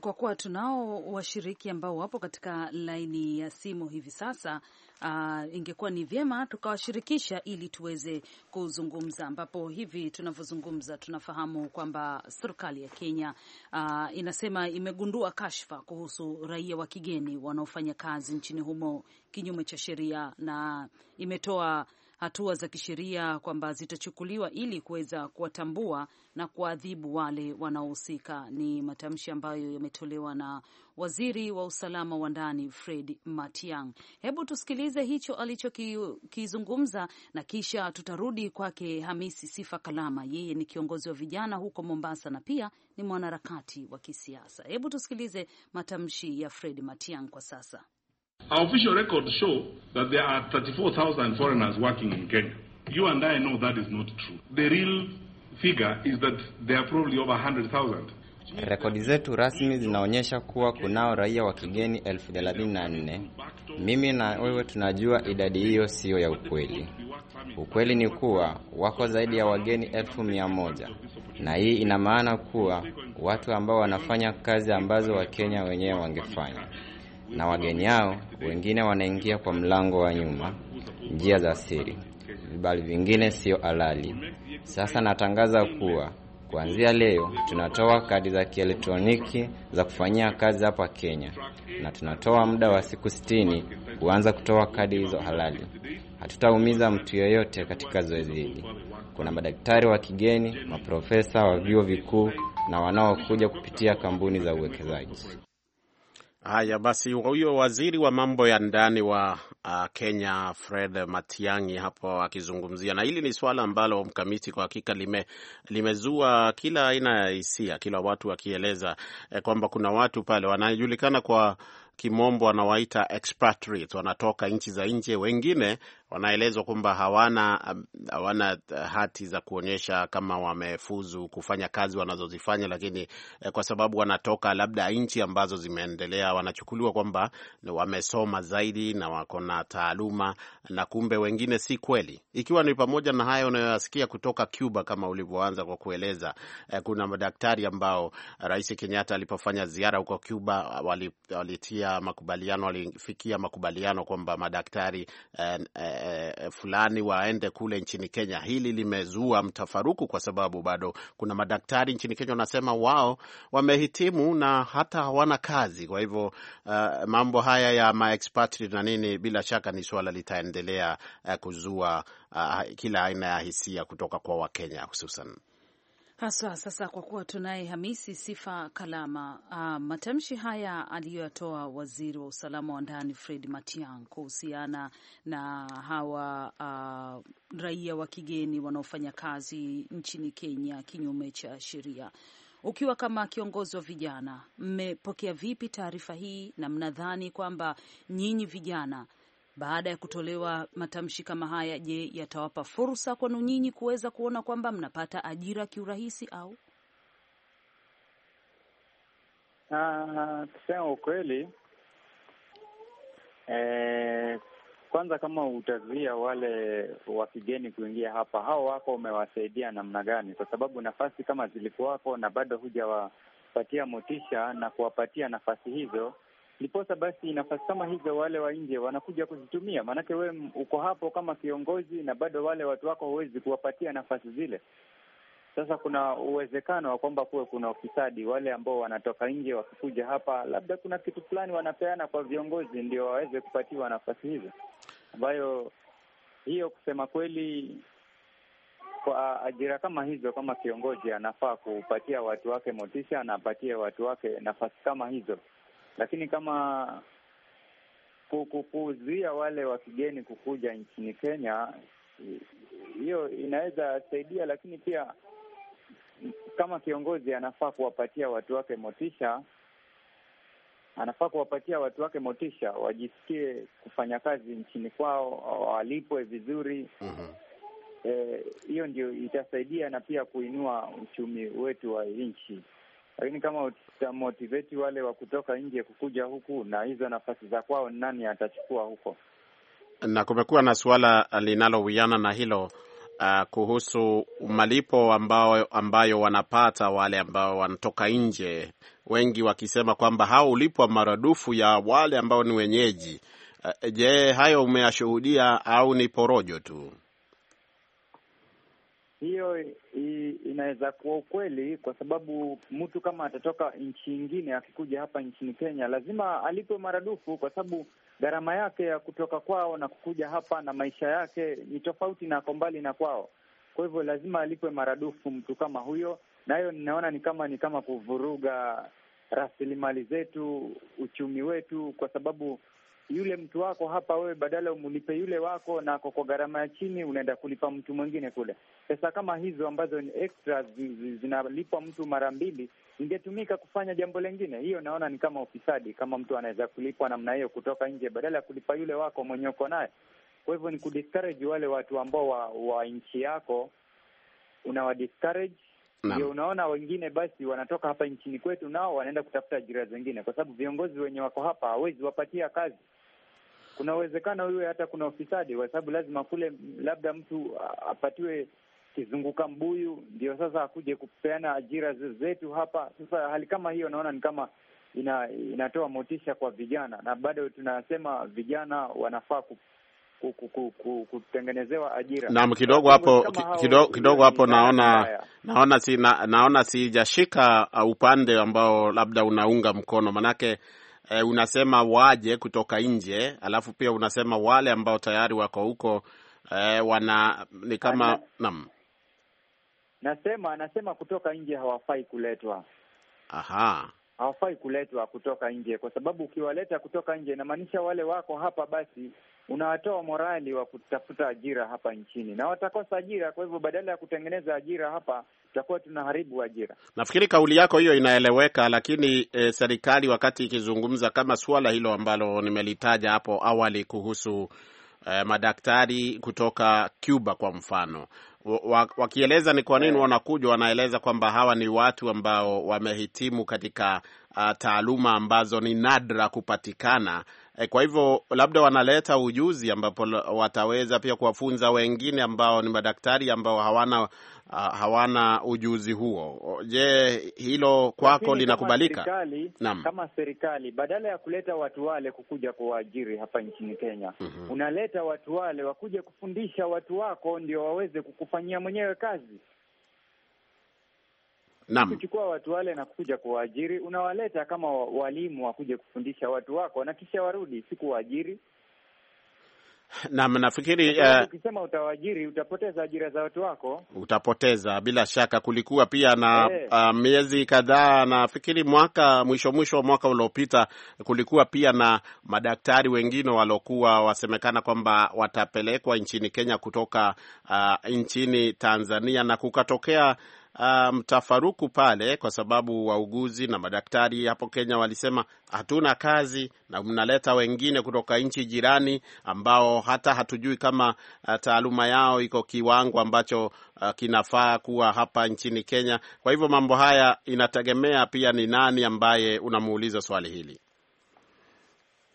Kwa kuwa tunao washiriki ambao wapo katika laini ya simu hivi sasa, uh, ingekuwa ni vyema tukawashirikisha ili tuweze kuzungumza, ambapo hivi tunavyozungumza tunafahamu kwamba serikali ya Kenya uh, inasema imegundua kashfa kuhusu raia wa kigeni wanaofanya kazi nchini humo kinyume cha sheria na imetoa hatua za kisheria kwamba zitachukuliwa ili kuweza kuwatambua na kuwaadhibu wale wanaohusika. Ni matamshi ambayo yametolewa na waziri wa usalama wa ndani Fred Matiang. Hebu tusikilize hicho alichokizungumza ki, na kisha tutarudi kwake Hamisi Sifa Kalama. Yeye ni kiongozi wa vijana huko Mombasa na pia ni mwanaharakati wa kisiasa. Hebu tusikilize matamshi ya Fred Matiang kwa sasa. Our official records show that there are 34,000 foreigners working in Kenya. You and I know that is not true. The real figure is that there are probably over 100,000. Rekodi zetu rasmi zinaonyesha kuwa kunao raia wa kigeni elfu thelathini na nne. Mimi na wewe tunajua idadi hiyo siyo ya ukweli. Ukweli ni kuwa wako zaidi ya wageni elfu mia moja na hii ina maana kuwa watu ambao wanafanya kazi ambazo Wakenya wenyewe wangefanya, na wageni hao wengine wanaingia kwa mlango wa nyuma, njia za siri, vibali vingine sio halali. Sasa natangaza kuwa Kuanzia leo tunatoa kadi za kielektroniki za kufanyia kazi hapa Kenya, na tunatoa muda wa siku sitini kuanza kutoa kadi hizo halali. Hatutaumiza mtu yeyote katika zoezi hili. Kuna madaktari wa kigeni, maprofesa wa vyuo vikuu na wanaokuja kupitia kampuni za uwekezaji. Haya basi, huyo waziri wa mambo ya ndani wa uh, Kenya Fred Matiang'i hapo akizungumzia, na hili ni swala ambalo mkamiti kwa hakika lime, limezua kila aina ya hisia, kila watu wakieleza eh, kwamba kuna watu pale wanajulikana kwa kimombo wanawaita expatriates, wanatoka nchi za nje, wengine wanaelezwa kwamba hawana, hawana hati za kuonyesha kama wamefuzu kufanya kazi wanazozifanya, lakini eh, kwa sababu wanatoka labda nchi ambazo zimeendelea, wanachukuliwa kwamba wamesoma zaidi na wako na taaluma, na kumbe wengine si kweli, ikiwa ni pamoja na hayo unayoyasikia kutoka Cuba kama ulivyoanza kwa kueleza. Eh, kuna madaktari ambao eh, Rais Kenyatta alipofanya ziara huko Cuba walitia makubaliano, walifikia makubaliano kwamba madaktari eh, eh, Eh, eh, fulani waende kule nchini Kenya. Hili limezua mtafaruku kwa sababu bado kuna madaktari nchini Kenya wanasema wao wamehitimu na hata hawana kazi. Kwa hivyo uh, mambo haya ya maexpatriate na nini, bila shaka ni suala litaendelea uh, kuzua uh, kila aina ya hisia kutoka kwa Wakenya hususan haswa sasa, kwa kuwa tunaye Hamisi Sifa Kalama. Uh, matamshi haya aliyoyatoa waziri wa usalama wa ndani Fred Matiang kuhusiana na hawa uh, raia wa kigeni wanaofanya kazi nchini Kenya kinyume cha sheria, ukiwa kama kiongozi wa vijana, mmepokea vipi taarifa hii na mnadhani kwamba nyinyi vijana baada ya kutolewa matamshi kama haya, je, yatawapa fursa kwenu nyinyi kuweza kuona kwamba mnapata ajira kiurahisi au kusema ah, uh, ukweli eh, kwanza kama utazuia wale wakigeni kuingia hapa, hao wako umewasaidia namna gani? Kwa sababu nafasi kama zilikuwako na bado hujawapatia motisha na kuwapatia nafasi hizo, Ndiposa basi nafasi kama hizo wale wa nje wanakuja kuzitumia, maanake wewe uko hapo kama kiongozi na bado wale watu wako huwezi kuwapatia nafasi zile. Sasa kuna uwezekano wa kwamba kuwe kuna ufisadi. Wale ambao wanatoka nje wakikuja hapa, labda kuna kitu fulani wanapeana kwa viongozi ndio waweze kupatiwa nafasi hizo, ambayo hiyo kusema kweli kwa ajira kama hizo, kama kiongozi anafaa kupatia watu wake motisha na apatie watu wake nafasi kama hizo, lakini kama kuzuia wale wa kigeni kukuja nchini Kenya, hiyo inaweza saidia, lakini pia kama kiongozi anafaa kuwapatia watu wake motisha, anafaa kuwapatia watu wake motisha, wajisikie kufanya kazi nchini kwao, walipwe vizuri. mm-hmm. Hiyo e, ndio itasaidia na pia kuinua uchumi wetu wa nchi lakini kama utamotiveti wale wa kutoka nje kukuja huku, na hizo nafasi za kwao nani atachukua huko? Na kumekuwa na suala linalowiana na hilo Uh, kuhusu malipo ambayo, ambayo wanapata wale ambao wanatoka nje, wengi wakisema kwamba hao ulipwa maradufu ya wale ambao ni wenyeji. Uh, je, hayo umeyashuhudia au ni porojo tu? Hiyo inaweza kuwa ukweli, kwa sababu mtu kama atatoka nchi nyingine akikuja hapa nchini Kenya lazima alipwe maradufu, kwa sababu gharama yake ya kutoka kwao na kukuja hapa na maisha yake ni tofauti na ako mbali na kwao. Kwa hivyo lazima alipwe maradufu mtu kama huyo, na hiyo ninaona ni kama ni kama kuvuruga rasilimali zetu, uchumi wetu, kwa sababu yule mtu wako hapa, wewe badala umulipe yule wako na kwa gharama ya chini, unaenda kulipa mtu mwingine kule. Pesa kama hizo ambazo ni extra zinalipwa mtu mara mbili, ingetumika kufanya jambo lengine. Hiyo naona ni kama ufisadi, kama mtu anaweza kulipwa namna hiyo kutoka nje, badala ya kulipa yule wako mwenye uko naye. Kwa hivyo ni kudiscourage wale watu ambao wa, wa nchi yako unawadiscourage ndio, unaona wengine basi wanatoka hapa nchini kwetu, nao wanaenda kutafuta ajira zingine, kwa sababu viongozi wenye wako hapa hawezi wapatia kazi kuna uwezekano iwe hata kuna ufisadi, kwa sababu lazima kule labda mtu apatiwe kizunguka mbuyu ndio sasa akuje kupeana ajira zetu hapa. Sasa hali kama hiyo naona ni kama ina, inatoa motisha kwa vijana, na bado tunasema vijana wanafaa ku kutengenezewa ajira. Naam, kidogo hapo kidogo, kidogo hapo naona naona si na, naona sijashika upande ambao labda unaunga mkono, manake e, unasema waje kutoka nje, alafu pia unasema wale ambao tayari wako huko e, wana ni kama naam, nasema anasema kutoka nje hawafai kuletwa. Aha, hawafai kuletwa kutoka nje, kwa sababu ukiwaleta kutoka nje inamaanisha wale wako hapa, basi unawatoa morali wa kutafuta ajira hapa nchini na watakosa ajira. Kwa hivyo badala ya kutengeneza ajira hapa tutakuwa tunaharibu ajira. Nafikiri kauli yako hiyo inaeleweka, lakini e, serikali wakati ikizungumza kama suala hilo ambalo nimelitaja hapo awali kuhusu e, madaktari kutoka Cuba kwa mfano wakieleza ni kwa nini eh. wanakuja, wanaeleza kwamba hawa ni watu ambao wamehitimu katika uh, taaluma ambazo ni nadra kupatikana Eh, kwa hivyo labda wanaleta ujuzi ambapo wataweza pia kuwafunza wengine ambao ni madaktari ambao hawana ah, hawana ujuzi huo. Je, hilo kwako linakubalika? Kama serikali, kama serikali badala ya kuleta watu wale kukuja kuwaajiri hapa nchini Kenya mm -hmm. unaleta watu wale wakuja kufundisha watu wako ndio waweze kukufanyia mwenyewe kazi. Naam. Kuchukua watu wale na kuja kuwaajiri, unawaleta kama walimu wakuje kufundisha watu wako na kisha warudi, si kuwaajiri. Naam, nafikiri eh, ukisema uh, utawaajiri utapoteza ajira za watu wako, utapoteza bila shaka. Kulikuwa pia na hey, uh, ah, miezi kadhaa nafikiri mwaka mwisho mwisho wa mwaka uliopita kulikuwa pia na madaktari wengine waliokuwa wasemekana kwamba watapelekwa nchini Kenya kutoka uh, nchini Tanzania na kukatokea mtafaruku um, pale kwa sababu wauguzi na madaktari hapo Kenya walisema hatuna kazi na mnaleta wengine kutoka nchi jirani ambao hata hatujui kama uh, taaluma yao iko kiwango ambacho uh, kinafaa kuwa hapa nchini Kenya. Kwa hivyo mambo haya inategemea pia ni nani ambaye unamuuliza swali hili.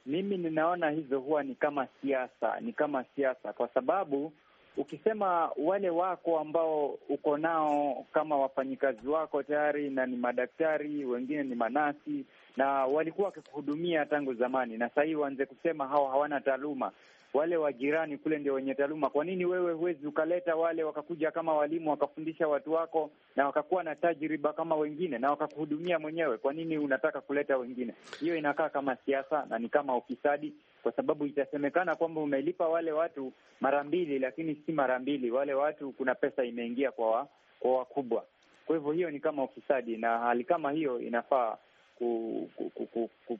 Mimi ninaona hizo huwa ni kama siasa, ni kama siasa kwa sababu ukisema wale wako ambao uko nao kama wafanyikazi wako tayari na ni madaktari, wengine ni manasi na walikuwa wakikuhudumia tangu zamani, na sahii waanze kusema hao hawana taaluma, wale wa jirani kule ndio wenye taaluma. Kwa nini wewe huwezi ukaleta wale wakakuja kama walimu wakafundisha watu wako na wakakuwa na tajriba kama wengine na wakakuhudumia mwenyewe? Kwa nini unataka kuleta wengine? Hiyo inakaa kama siasa na ni kama ufisadi, kwa sababu itasemekana kwamba umelipa wale watu mara mbili, lakini si mara mbili. Wale watu kuna pesa imeingia kwa wa, kwa wakubwa. Kwa hivyo hiyo ni kama ufisadi, na hali kama hiyo inafaa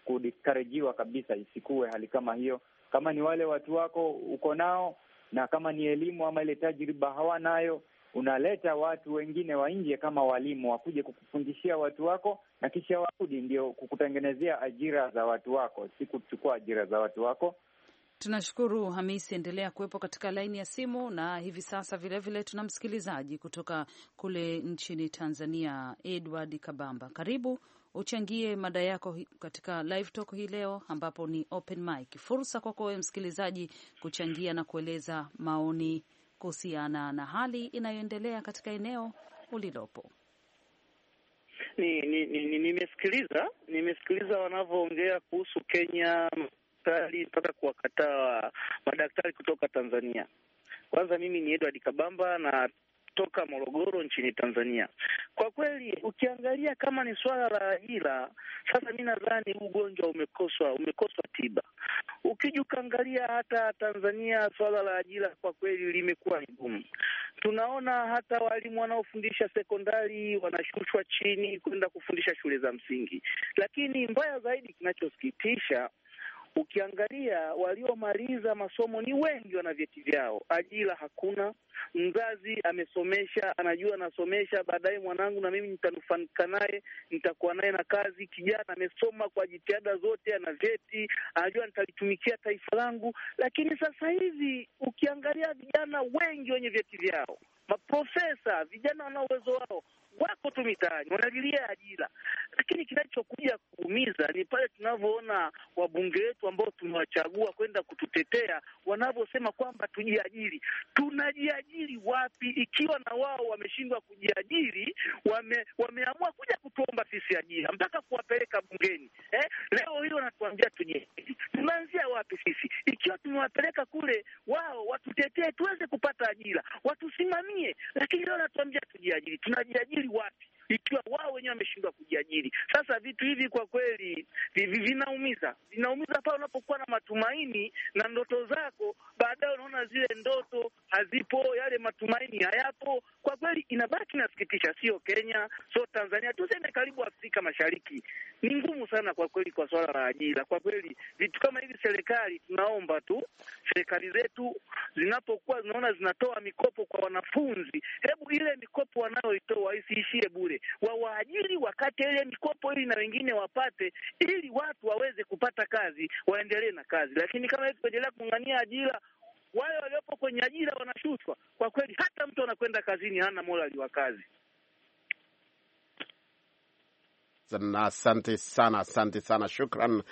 kudiscouragewa kabisa, isikuwe hali kama hiyo kama ni wale watu wako uko nao, na kama ni elimu ama ile tajriba hawanayo, unaleta watu wengine wa nje kama walimu wakuje kukufundishia watu wako, na kisha warudi, ndio kukutengenezea ajira za watu wako, si kuchukua ajira za watu wako. Tunashukuru Hamisi, endelea kuwepo katika laini ya simu. Na hivi sasa vilevile tuna msikilizaji kutoka kule nchini Tanzania, Edward Kabamba, karibu uchangie mada yako katika live talk hii leo, ambapo ni open mic, fursa kwako wewe msikilizaji kuchangia na kueleza maoni kuhusiana na hali inayoendelea katika eneo ulilopo. Nimesikiliza ni, ni, nimesikiliza wanavyoongea kuhusu Kenya, madaktari mpaka kuwakataa madaktari kutoka Tanzania. Kwanza mimi ni Edward Kabamba na kutoka Morogoro nchini Tanzania. Kwa kweli, ukiangalia kama ni swala la ajira, sasa mi nadhani ugonjwa umekoswa umekoswa tiba. Ukija ukaangalia hata Tanzania, swala la ajira kwa kweli limekuwa ni gumu. Tunaona hata walimu wanaofundisha sekondari wanashushwa chini kwenda kufundisha shule za msingi, lakini mbaya zaidi, kinachosikitisha Ukiangalia waliomaliza masomo ni wengi, wana vyeti vyao, ajira hakuna. Mzazi amesomesha, anajua anasomesha, baadaye mwanangu na mimi nitanufanika naye, nitakuwa naye na kazi. Kijana amesoma kwa jitihada zote, ana vyeti, anajua nitalitumikia taifa langu. Lakini sasa hivi ukiangalia vijana wengi wenye vyeti vyao, maprofesa, vijana wana uwezo wao, wako tu mitaani wanalilia ajira, lakini kinachokuja kuumiza ni pale tunavyoona wabunge wetu ambao tumewachagua kwenda kututetea wanavyosema kwamba tujiajiri. Tunajiajiri wapi ikiwa na wao wameshindwa kujiajiri? Wame, wameamua kuja kutuomba sisi ajira mpaka kuwapeleka bungeni eh? Leo hilo wanatuambia tujiajiri. Tunaanzia wapi sisi ikiwa tumewapeleka kule wao watutetee tuweze kupata ajira, watusimamie, lakini leo wanatuambia tujiajiri. Tunajiajiri ukweli wapi? ikiwa wao wenyewe wameshindwa kujiajiri. Sasa vitu hivi kwa kweli vinaumiza, vinaumiza pale unapokuwa na matumaini na ndoto zako, baadaye unaona zile ndoto hazipo, yale matumaini hayapo. Kwa kweli inabaki nasikitisha, sio Kenya, sio Tanzania, tuseme karibu Afrika Mashariki ni ngumu sana kwa kweli, kwa swala la ajira. Kwa kweli vitu kama hivi, serikali tunaomba tu serikali zetu zinapokuwa zinaona zinatoa mikopo kwa wanafunzi, hebu ile mikopo wanayoitoa isiishie bure wa wawaajiri wakate ile mikopo ili na wengine wapate, ili watu waweze kupata kazi, waendelee na kazi. Lakini kama hivi kuendelea kung'ang'ania ajira, wale waliopo kwenye ajira wanashushwa. Kwa kweli, hata mtu anakwenda kazini hana morali wa kazi. Asante sana, asante sana, shukran,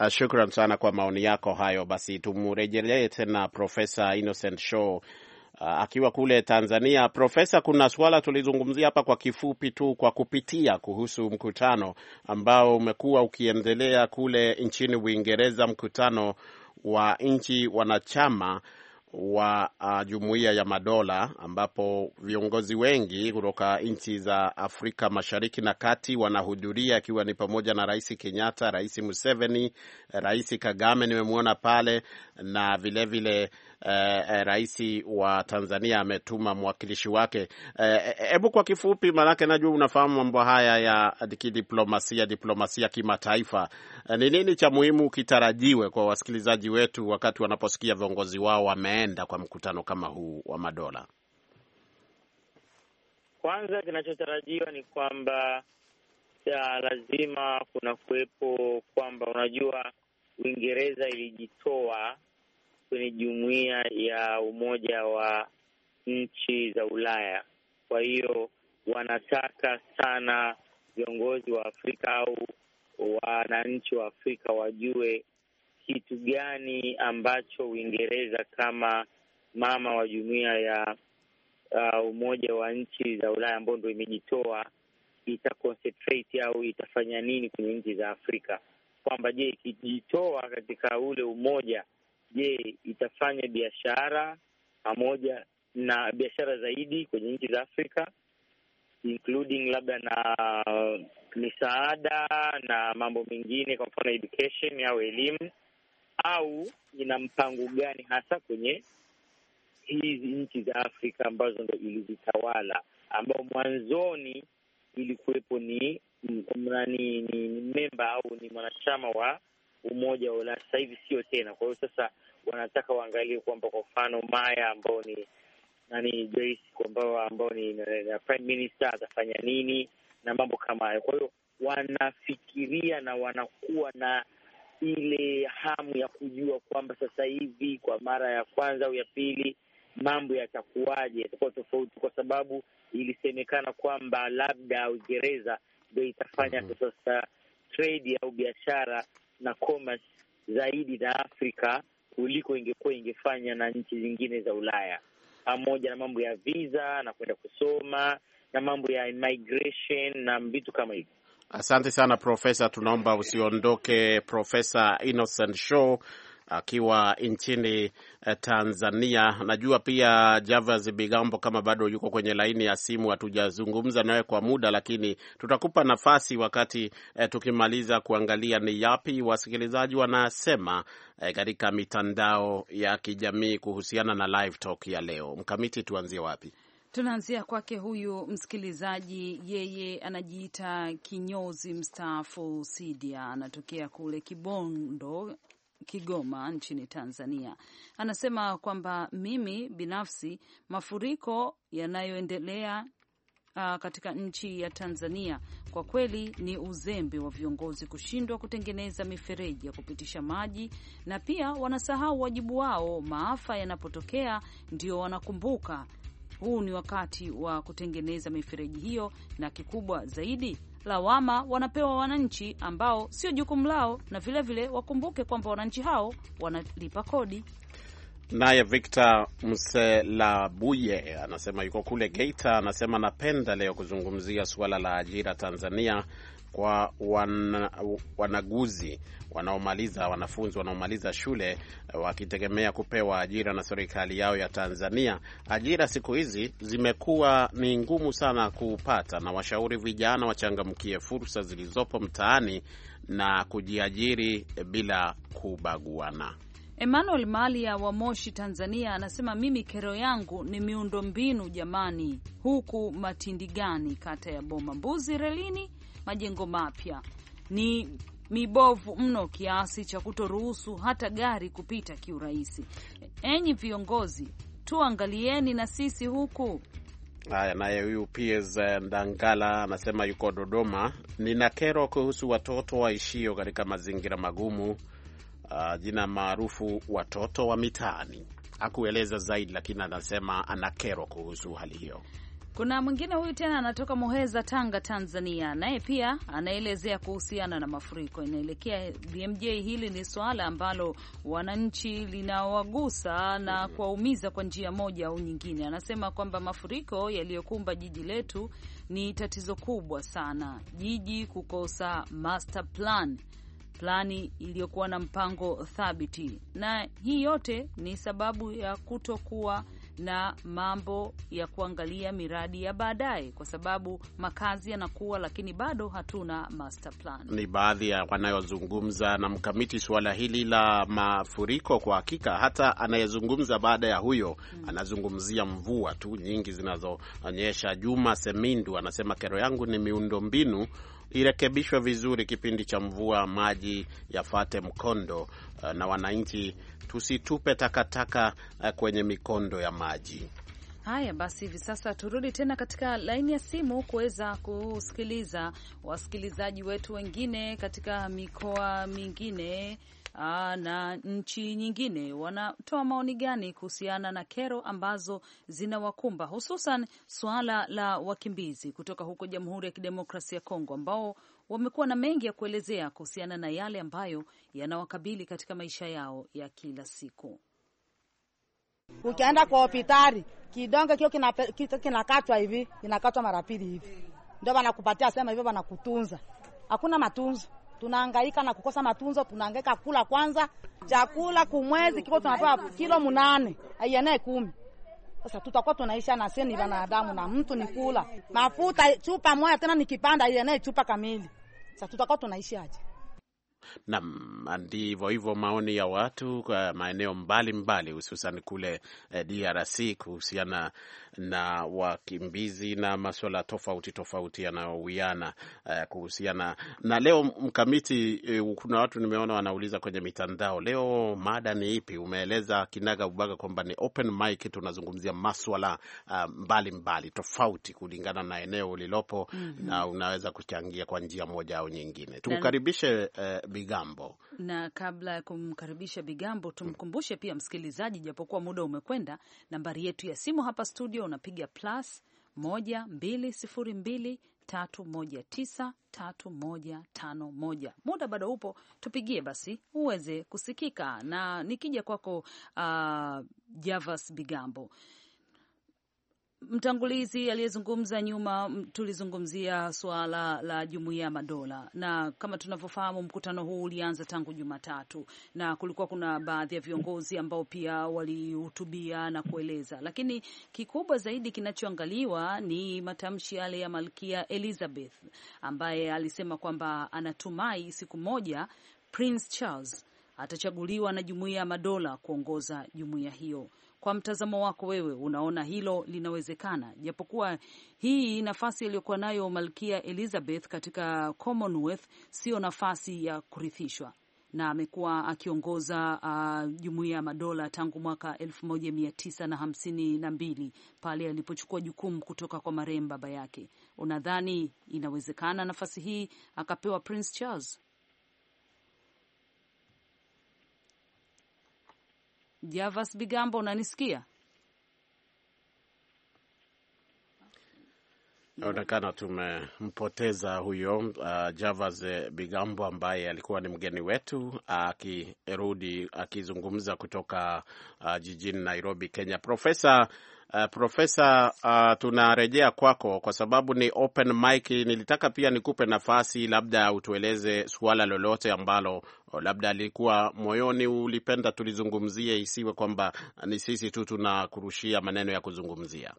uh, shukran sana kwa maoni yako hayo. Basi tumrejelee tena Profesa Innocent Show Ah, akiwa kule Tanzania. Profesa, kuna suala tulizungumzia hapa kwa kifupi tu kwa kupitia kuhusu mkutano ambao umekuwa ukiendelea kule nchini Uingereza, mkutano wa nchi wanachama wa uh, Jumuiya ya Madola ambapo viongozi wengi kutoka nchi za Afrika Mashariki na Kati wanahudhuria akiwa ni pamoja na Rais Kenyatta, Rais Museveni, Rais Kagame nimemwona pale na vilevile vile Eh, eh, rais wa Tanzania ametuma mwakilishi wake. Eh, eh, hebu eh, kwa kifupi, maanake najua unafahamu mambo haya ya kidiplomasia, diplomasia kimataifa, ni eh, nini cha muhimu kitarajiwe kwa wasikilizaji wetu wakati wanaposikia viongozi wao wameenda kwa mkutano kama huu wa madola? Kwanza kinachotarajiwa ni kwamba ya lazima kuna kuwepo kwamba, unajua Uingereza ilijitoa kwenye jumuiya ya Umoja wa Nchi za Ulaya. Kwa hiyo wanataka sana viongozi wa Afrika au wananchi wa Afrika wajue kitu gani ambacho Uingereza kama mama wa jumuiya ya uh, Umoja wa Nchi za Ulaya ambao ndo imejitoa ita au itafanya nini kwenye nchi za Afrika, kwamba je, ikijitoa katika ule umoja je, itafanya biashara pamoja na biashara zaidi kwenye nchi za Afrika including labda na uh, misaada na mambo mengine, kwa mfano education au elimu, au ina mpango gani hasa kwenye hizi nchi za Afrika ambazo ndo ilizitawala, ambao mwanzoni ilikuwepo ni ni, ni memba au ni mwanachama wa umoja wa Ulaya sasa hivi sio tena. Kwa hiyo sasa wanataka waangalie kwamba kwa mfano Maya ambao ni nani Joyce ambao ambao ni na prime minister atafanya nini na mambo kama hayo. Kwa hiyo wanafikiria na wanakuwa na ile hamu ya kujua kwamba sasa hivi kwa mara ya kwanza au ya pili mambo yatakuwaje, yatakuwa tofauti, kwa sababu ilisemekana kwamba labda Uingereza ndio itafanya mm -hmm. sasa trade au biashara na commerce zaidi za Afrika kuliko ingekuwa ingefanya na nchi zingine za Ulaya, pamoja na mambo ya visa na kwenda kusoma na mambo ya migration na vitu kama hivyo. Asante sana Profesa, tunaomba usiondoke Profesa Innocent Show akiwa nchini eh, Tanzania. Najua pia Javas Bigambo kama bado yuko kwenye laini ya simu, hatujazungumza nawe kwa muda, lakini tutakupa nafasi wakati eh, tukimaliza kuangalia ni yapi wasikilizaji wanasema eh, katika mitandao ya kijamii kuhusiana na live talk ya leo. Mkamiti, tuanzie wapi? Tunaanzia kwake huyu msikilizaji, yeye anajiita kinyozi mstaafu Sidia, anatokea kule Kibondo, Kigoma nchini Tanzania. Anasema kwamba mimi binafsi mafuriko yanayoendelea Uh, katika nchi ya Tanzania kwa kweli ni uzembe wa viongozi kushindwa kutengeneza mifereji ya kupitisha maji, na pia wanasahau wajibu wao. Maafa yanapotokea ndio wanakumbuka. Huu ni wakati wa kutengeneza mifereji hiyo, na kikubwa zaidi lawama wanapewa wananchi ambao sio jukumu lao, na vilevile vile wakumbuke kwamba wananchi hao wanalipa kodi. Naye Victor Mselabuye anasema yuko kule Geita, anasema napenda leo kuzungumzia suala la ajira Tanzania kwa wana, wanaguzi wanaomaliza wanafunzi wanaomaliza shule eh, wakitegemea kupewa ajira na serikali yao ya Tanzania. Ajira siku hizi zimekuwa ni ngumu sana kupata, na washauri vijana wachangamkie fursa zilizopo mtaani na kujiajiri bila kubaguana. Emmanuel Malia wa Moshi, Tanzania, anasema mimi kero yangu ni miundo mbinu jamani, huku Matindigani, kata ya Boma Mbuzi, relini majengo mapya ni mibovu mno kiasi cha kutoruhusu hata gari kupita kiurahisi. Enyi viongozi, tuangalieni na sisi huku. Haya, naye huyu PS Ndangala anasema yuko Dodoma, nina kero kuhusu watoto waishio katika mazingira magumu, uh, jina maarufu watoto wa mitaani. Hakueleza zaidi, lakini anasema ana kero kuhusu hali hiyo. Kuna mwingine huyu tena anatoka Muheza, Tanga, Tanzania, naye pia anaelezea kuhusiana na mafuriko. Inaelekea BMJ, hili ni suala ambalo wananchi linawagusa na mm-hmm. kuwaumiza kwa njia moja au nyingine. Anasema kwamba mafuriko yaliyokumba jiji letu ni tatizo kubwa sana, jiji kukosa master plan plani iliyokuwa na mpango thabiti, na hii yote ni sababu ya kutokuwa na mambo ya kuangalia miradi ya baadaye, kwa sababu makazi yanakuwa, lakini bado hatuna master plan. Ni baadhi ya wanayozungumza na mkamiti suala hili la mafuriko. Kwa hakika hata anayezungumza baada ya huyo hmm, anazungumzia mvua tu nyingi zinazoonyesha Juma Semindu anasema kero yangu ni miundombinu irekebishwe vizuri kipindi cha mvua, maji yafate mkondo, eh, na wananchi tusitupe takataka eh, kwenye mikondo ya maji. Haya basi, hivi sasa turudi tena katika laini ya simu kuweza kusikiliza wasikilizaji wetu wengine katika mikoa mingine aa, ah, na nchi nyingine wanatoa maoni gani kuhusiana na kero ambazo zinawakumba hususan suala la wakimbizi kutoka huko Jamhuri ya Kidemokrasia ya Kongo ambao wamekuwa na mengi ya kuelezea kuhusiana na yale ambayo yanawakabili katika maisha yao ya kila siku. Ukienda kwa hospitali kidonge kio kinakatwa hivi, kinakatwa mara pili hivi, ndio wanakupatia sema hivyo, wanakutunza. Hakuna matunzo tunahangaika na kukosa matunzo, tunahangaika kula kwanza. Chakula kumwezi kiko tunapewa kilo munane aiene kumi. Sasa tutakuwa tunaisha na seni wanadamu na mtu ni kula mafuta chupa moja tena nikipanda aiene chupa kamili. Sasa tutakuwa tunaishi aje? Nam, ndivyo hivyo maoni ya watu kwa maeneo mbalimbali, hususan kule eh, DRC kuhusiana na wakimbizi na masuala tofauti tofauti yanayowiana uh, kuhusiana na leo mkamiti. Uh, kuna watu nimeona wanauliza kwenye mitandao leo mada ni ipi? Umeeleza kinaga ubaga kwamba ni open mic, tunazungumzia maswala mbalimbali ah, uh, mbali, tofauti kulingana na eneo ulilopo mm -hmm. na unaweza kuchangia kwa njia moja au nyingine. Tumkaribishe uh, eh, Bigambo na kabla ya kumkaribisha Bigambo tumkumbushe pia msikilizaji, japokuwa muda umekwenda, nambari yetu ya simu hapa studio studio unapiga plus 12023193151. Muda bado upo, tupigie basi uweze kusikika. Na nikija kwako, uh, Javas Bigambo mtangulizi aliyezungumza nyuma, tulizungumzia suala la jumuiya ya madola, na kama tunavyofahamu, mkutano huu ulianza tangu Jumatatu na kulikuwa kuna baadhi ya viongozi ambao pia walihutubia na kueleza, lakini kikubwa zaidi kinachoangaliwa ni matamshi yale ya Malkia Elizabeth ambaye alisema kwamba anatumai siku moja Prince Charles atachaguliwa na jumuiya ya madola kuongoza jumuiya hiyo. Kwa mtazamo wako wewe, unaona hilo linawezekana? Japokuwa hii nafasi aliyokuwa nayo Malkia Elizabeth katika Commonwealth sio nafasi ya kurithishwa na amekuwa akiongoza uh, jumuiya ya madola tangu mwaka elfu moja mia tisa na hamsini na mbili pale alipochukua jukumu kutoka kwa marehemu baba yake. Unadhani inawezekana nafasi hii akapewa Prince Charles? Javas Bigambo, unanisikia? Inaonekana tumempoteza huyo uh, Javas Bigambo ambaye alikuwa ni mgeni wetu akirudi, uh, akizungumza kutoka uh, jijini Nairobi, Kenya. Profesa Uh, Profesa, uh, tunarejea kwako kwa sababu ni open mic. Nilitaka pia nikupe nafasi labda utueleze suala lolote ambalo labda alikuwa moyoni ulipenda tulizungumzie, isiwe kwamba ni sisi tu tunakurushia maneno ya kuzungumzia.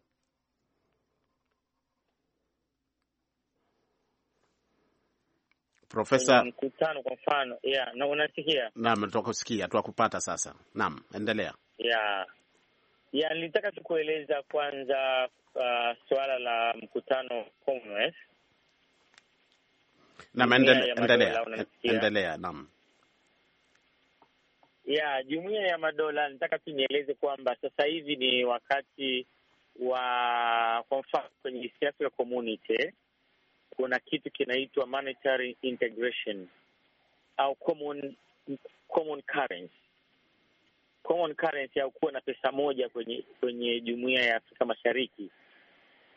Profesa mkutano kwa mfano, yeah, na unasikia? Naam, tunakusikia, tunakupata sasa. Naam, endelea. Yeah ya nilitaka tu kueleza kwanza uh, suala la mkutano Commonwealth naam, endelea. Naam, ya jumuiya ya madola nitaka tu nieleze kwamba sasa hivi ni wakati wa kwa mfano kwenye siasa ya community kuna kitu kinaitwa monetary integration au common, common currency common currency au kuwa na pesa moja kwenye kwenye jumuiya ya Afrika Mashariki,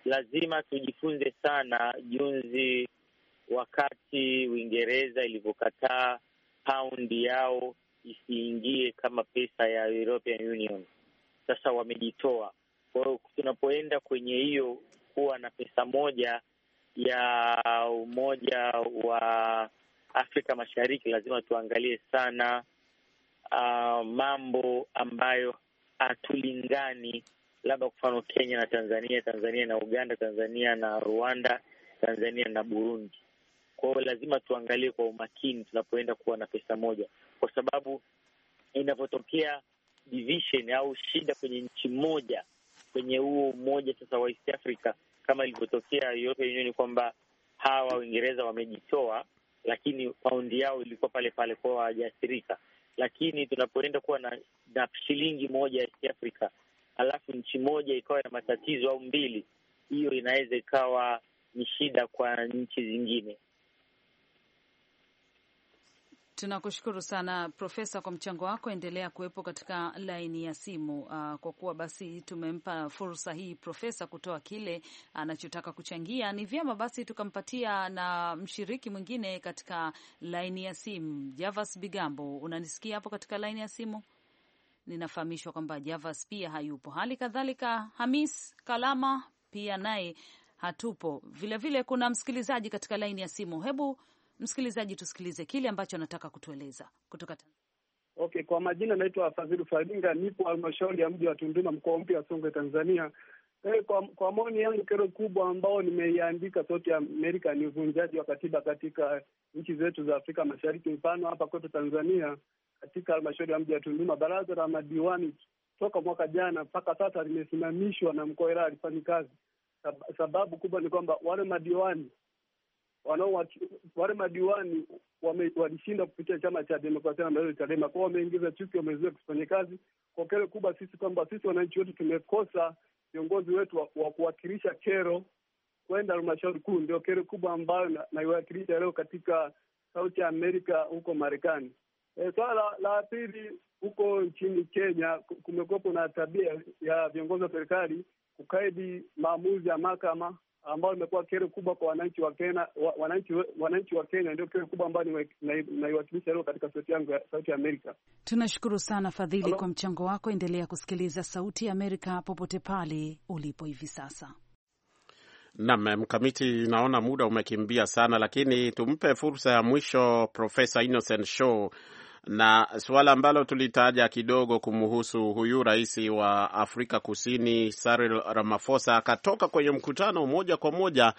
lazima tujifunze sana junzi, wakati Uingereza ilivyokataa paundi yao isiingie kama pesa ya European Union. Sasa wamejitoa. Kwa hiyo tunapoenda kwenye hiyo kuwa na pesa moja ya Umoja wa Afrika Mashariki, lazima tuangalie sana uh, mambo ambayo hatulingani, labda kwa mfano Kenya na Tanzania, Tanzania na Uganda, Tanzania na Rwanda, Tanzania na Burundi. Kwa hiyo lazima tuangalie kwa umakini tunapoenda kuwa na pesa moja, kwa sababu inavyotokea division au shida kwenye nchi moja, kwenye huo mmoja sasa wa East Africa, kama ilivyotokea European Union, kwamba hawa Uingereza wamejitoa, lakini paundi yao ilikuwa pale pale kwao, hawajaathirika lakini tunapoenda kuwa na, na shilingi moja ya Kiafrika alafu nchi moja ikawa na matatizo au mbili, hiyo inaweza ikawa ni shida kwa nchi zingine. Tunakushukuru sana Profesa kwa mchango wako. Endelea kuwepo katika laini ya simu. Uh, kwa kuwa basi tumempa fursa hii Profesa kutoa kile anachotaka uh, kuchangia, ni vyema basi tukampatia na mshiriki mwingine katika laini ya simu. Javas Bigambo, unanisikia hapo katika laini ya simu? Ninafahamishwa kwamba Javas pia hayupo, hali kadhalika Hamis Kalama pia naye hatupo vilevile. Vile kuna msikilizaji katika laini ya simu, hebu Msikilizaji, tusikilize kile ambacho anataka kutueleza kutoka Tanzania. Okay, kwa majina naitwa Fadhili Faringa, nipo halmashauri ya mji wa Tunduma, mkoa mpya wa Songwe, Tanzania. E, kwa, kwa maoni yangu kero kubwa ambao nimeiandika Sauti ya Amerika ni uvunjaji wa katiba katika nchi zetu za Afrika Mashariki. Mfano hapa kwetu Tanzania, katika halmashauri ya mji wa Tunduma, baraza la madiwani toka mwaka jana mpaka sasa limesimamishwa na mkoa, ila alifanyi kazi. Sababu kubwa ni kwamba wale madiwani wale madiwani walishinda kupitia chama cha demokrasia na maendeleo Chadema kwao, wameingiza chuki, wamezuia kusifanya kazi. Kwa kero kubwa sisi kwamba sisi wananchi wetu tumekosa viongozi wetu wa, wa kuwakilisha kero kwenda halmashauri kuu. Ndio kero kubwa ambayo naiwakilisha na leo katika Sauti ya Amerika huko Marekani. E, swala la pili, huko nchini Kenya kumekuwepo na tabia ya viongozi wa serikali kukaidi maamuzi ya mahakama ambayo imekuwa kero kubwa kwa wananchi wa Kenya, wananchi wananchi wa Kenya ndio kero kubwa ambayo naiwakilisha leo katika sauti yangu ya Sauti ya Amerika. Tunashukuru sana Fadhili Hello, kwa mchango wako. Endelea kusikiliza Sauti ya Amerika popote pale ulipo hivi sasa. nam Mkamiti, naona muda umekimbia sana, lakini tumpe fursa ya mwisho Profesa Innocent Show na suala ambalo tulitaja kidogo kumhusu huyu rais wa Afrika Kusini Cyril Ramaphosa akatoka kwenye mkutano moja kwa moja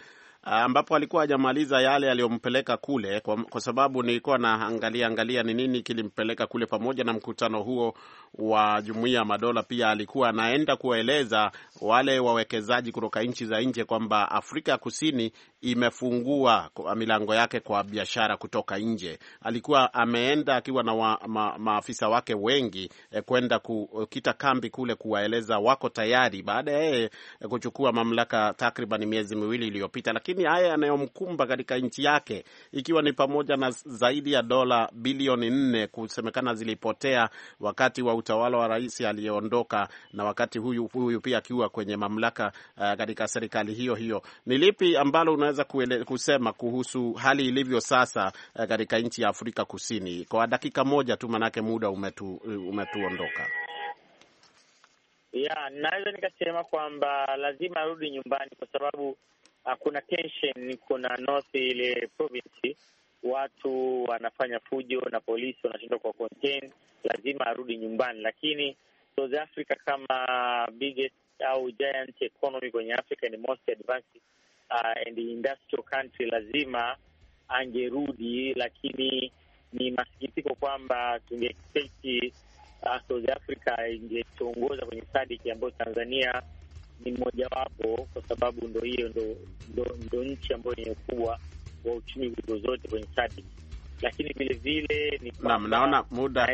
Ah, ambapo alikuwa hajamaliza yale aliyompeleka kule kwa, kwa sababu nilikuwa naangalia angalia ni nini kilimpeleka kule. Pamoja na mkutano huo wa Jumuiya ya Madola, pia alikuwa anaenda kuwaeleza wale wawekezaji kutoka nchi za nje kwamba Afrika Kusini imefungua milango yake kwa biashara kutoka nje. Alikuwa ameenda akiwa na wa, ma, maafisa wake wengi eh, kwenda kukita kambi kule kuwaeleza wako tayari, baada ya yeye eh, kuchukua mamlaka takriban miezi miwili iliyopita, lakini lakini haya yanayomkumba katika nchi yake, ikiwa ni pamoja na zaidi ya dola bilioni nne kusemekana zilipotea wakati wa utawala wa rais aliyeondoka na wakati huyu huyu pia akiwa kwenye mamlaka uh, katika serikali hiyo hiyo. Ni lipi ambalo unaweza kuele, kusema kuhusu hali ilivyo sasa uh, katika nchi ya Afrika Kusini kwa dakika moja tu, manake muda umetu, umetuondoka. Ya, naweza nikasema kwamba lazima arudi nyumbani kwa sababu Ah, kuna tension, kuna north ile province watu wanafanya fujo na polisi wanashindwa kwa contain, lazima arudi nyumbani. Lakini South Africa kama biggest au giant economy kwenye Africa ni most advanced uh, and industrial country, lazima angerudi, lakini ni masikitiko kwamba tunge expect uh, ah, South Africa ingetuongoza kwenye sadiki ambayo Tanzania ni mmojawapo, kwa sababu ndo hiyo ndo, ndo, ndo nchi ambayo yenye ukubwa wa uchumi kuliko zote kwenye SADC lakini vilevile ni naona muda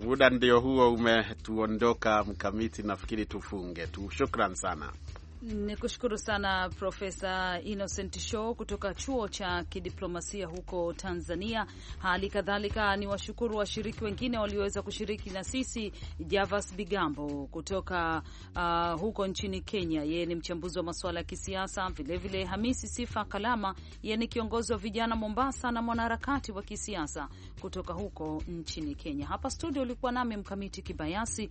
muda ndio huo umetuondoka mkamiti, nafikiri tufunge tu. Shukran sana. Ni kushukuru sana Profesa Innocent Show kutoka chuo cha kidiplomasia huko Tanzania. Hali kadhalika ni washukuru washiriki wengine walioweza kushiriki na sisi, Javas Bigambo kutoka uh, huko nchini Kenya, yeye ni mchambuzi wa masuala ya kisiasa vilevile. Hamisi Sifa Kalama, yeye ni kiongozi wa vijana Mombasa na mwanaharakati wa kisiasa kutoka huko nchini Kenya. Hapa studio ulikuwa nami Mkamiti Kibayasi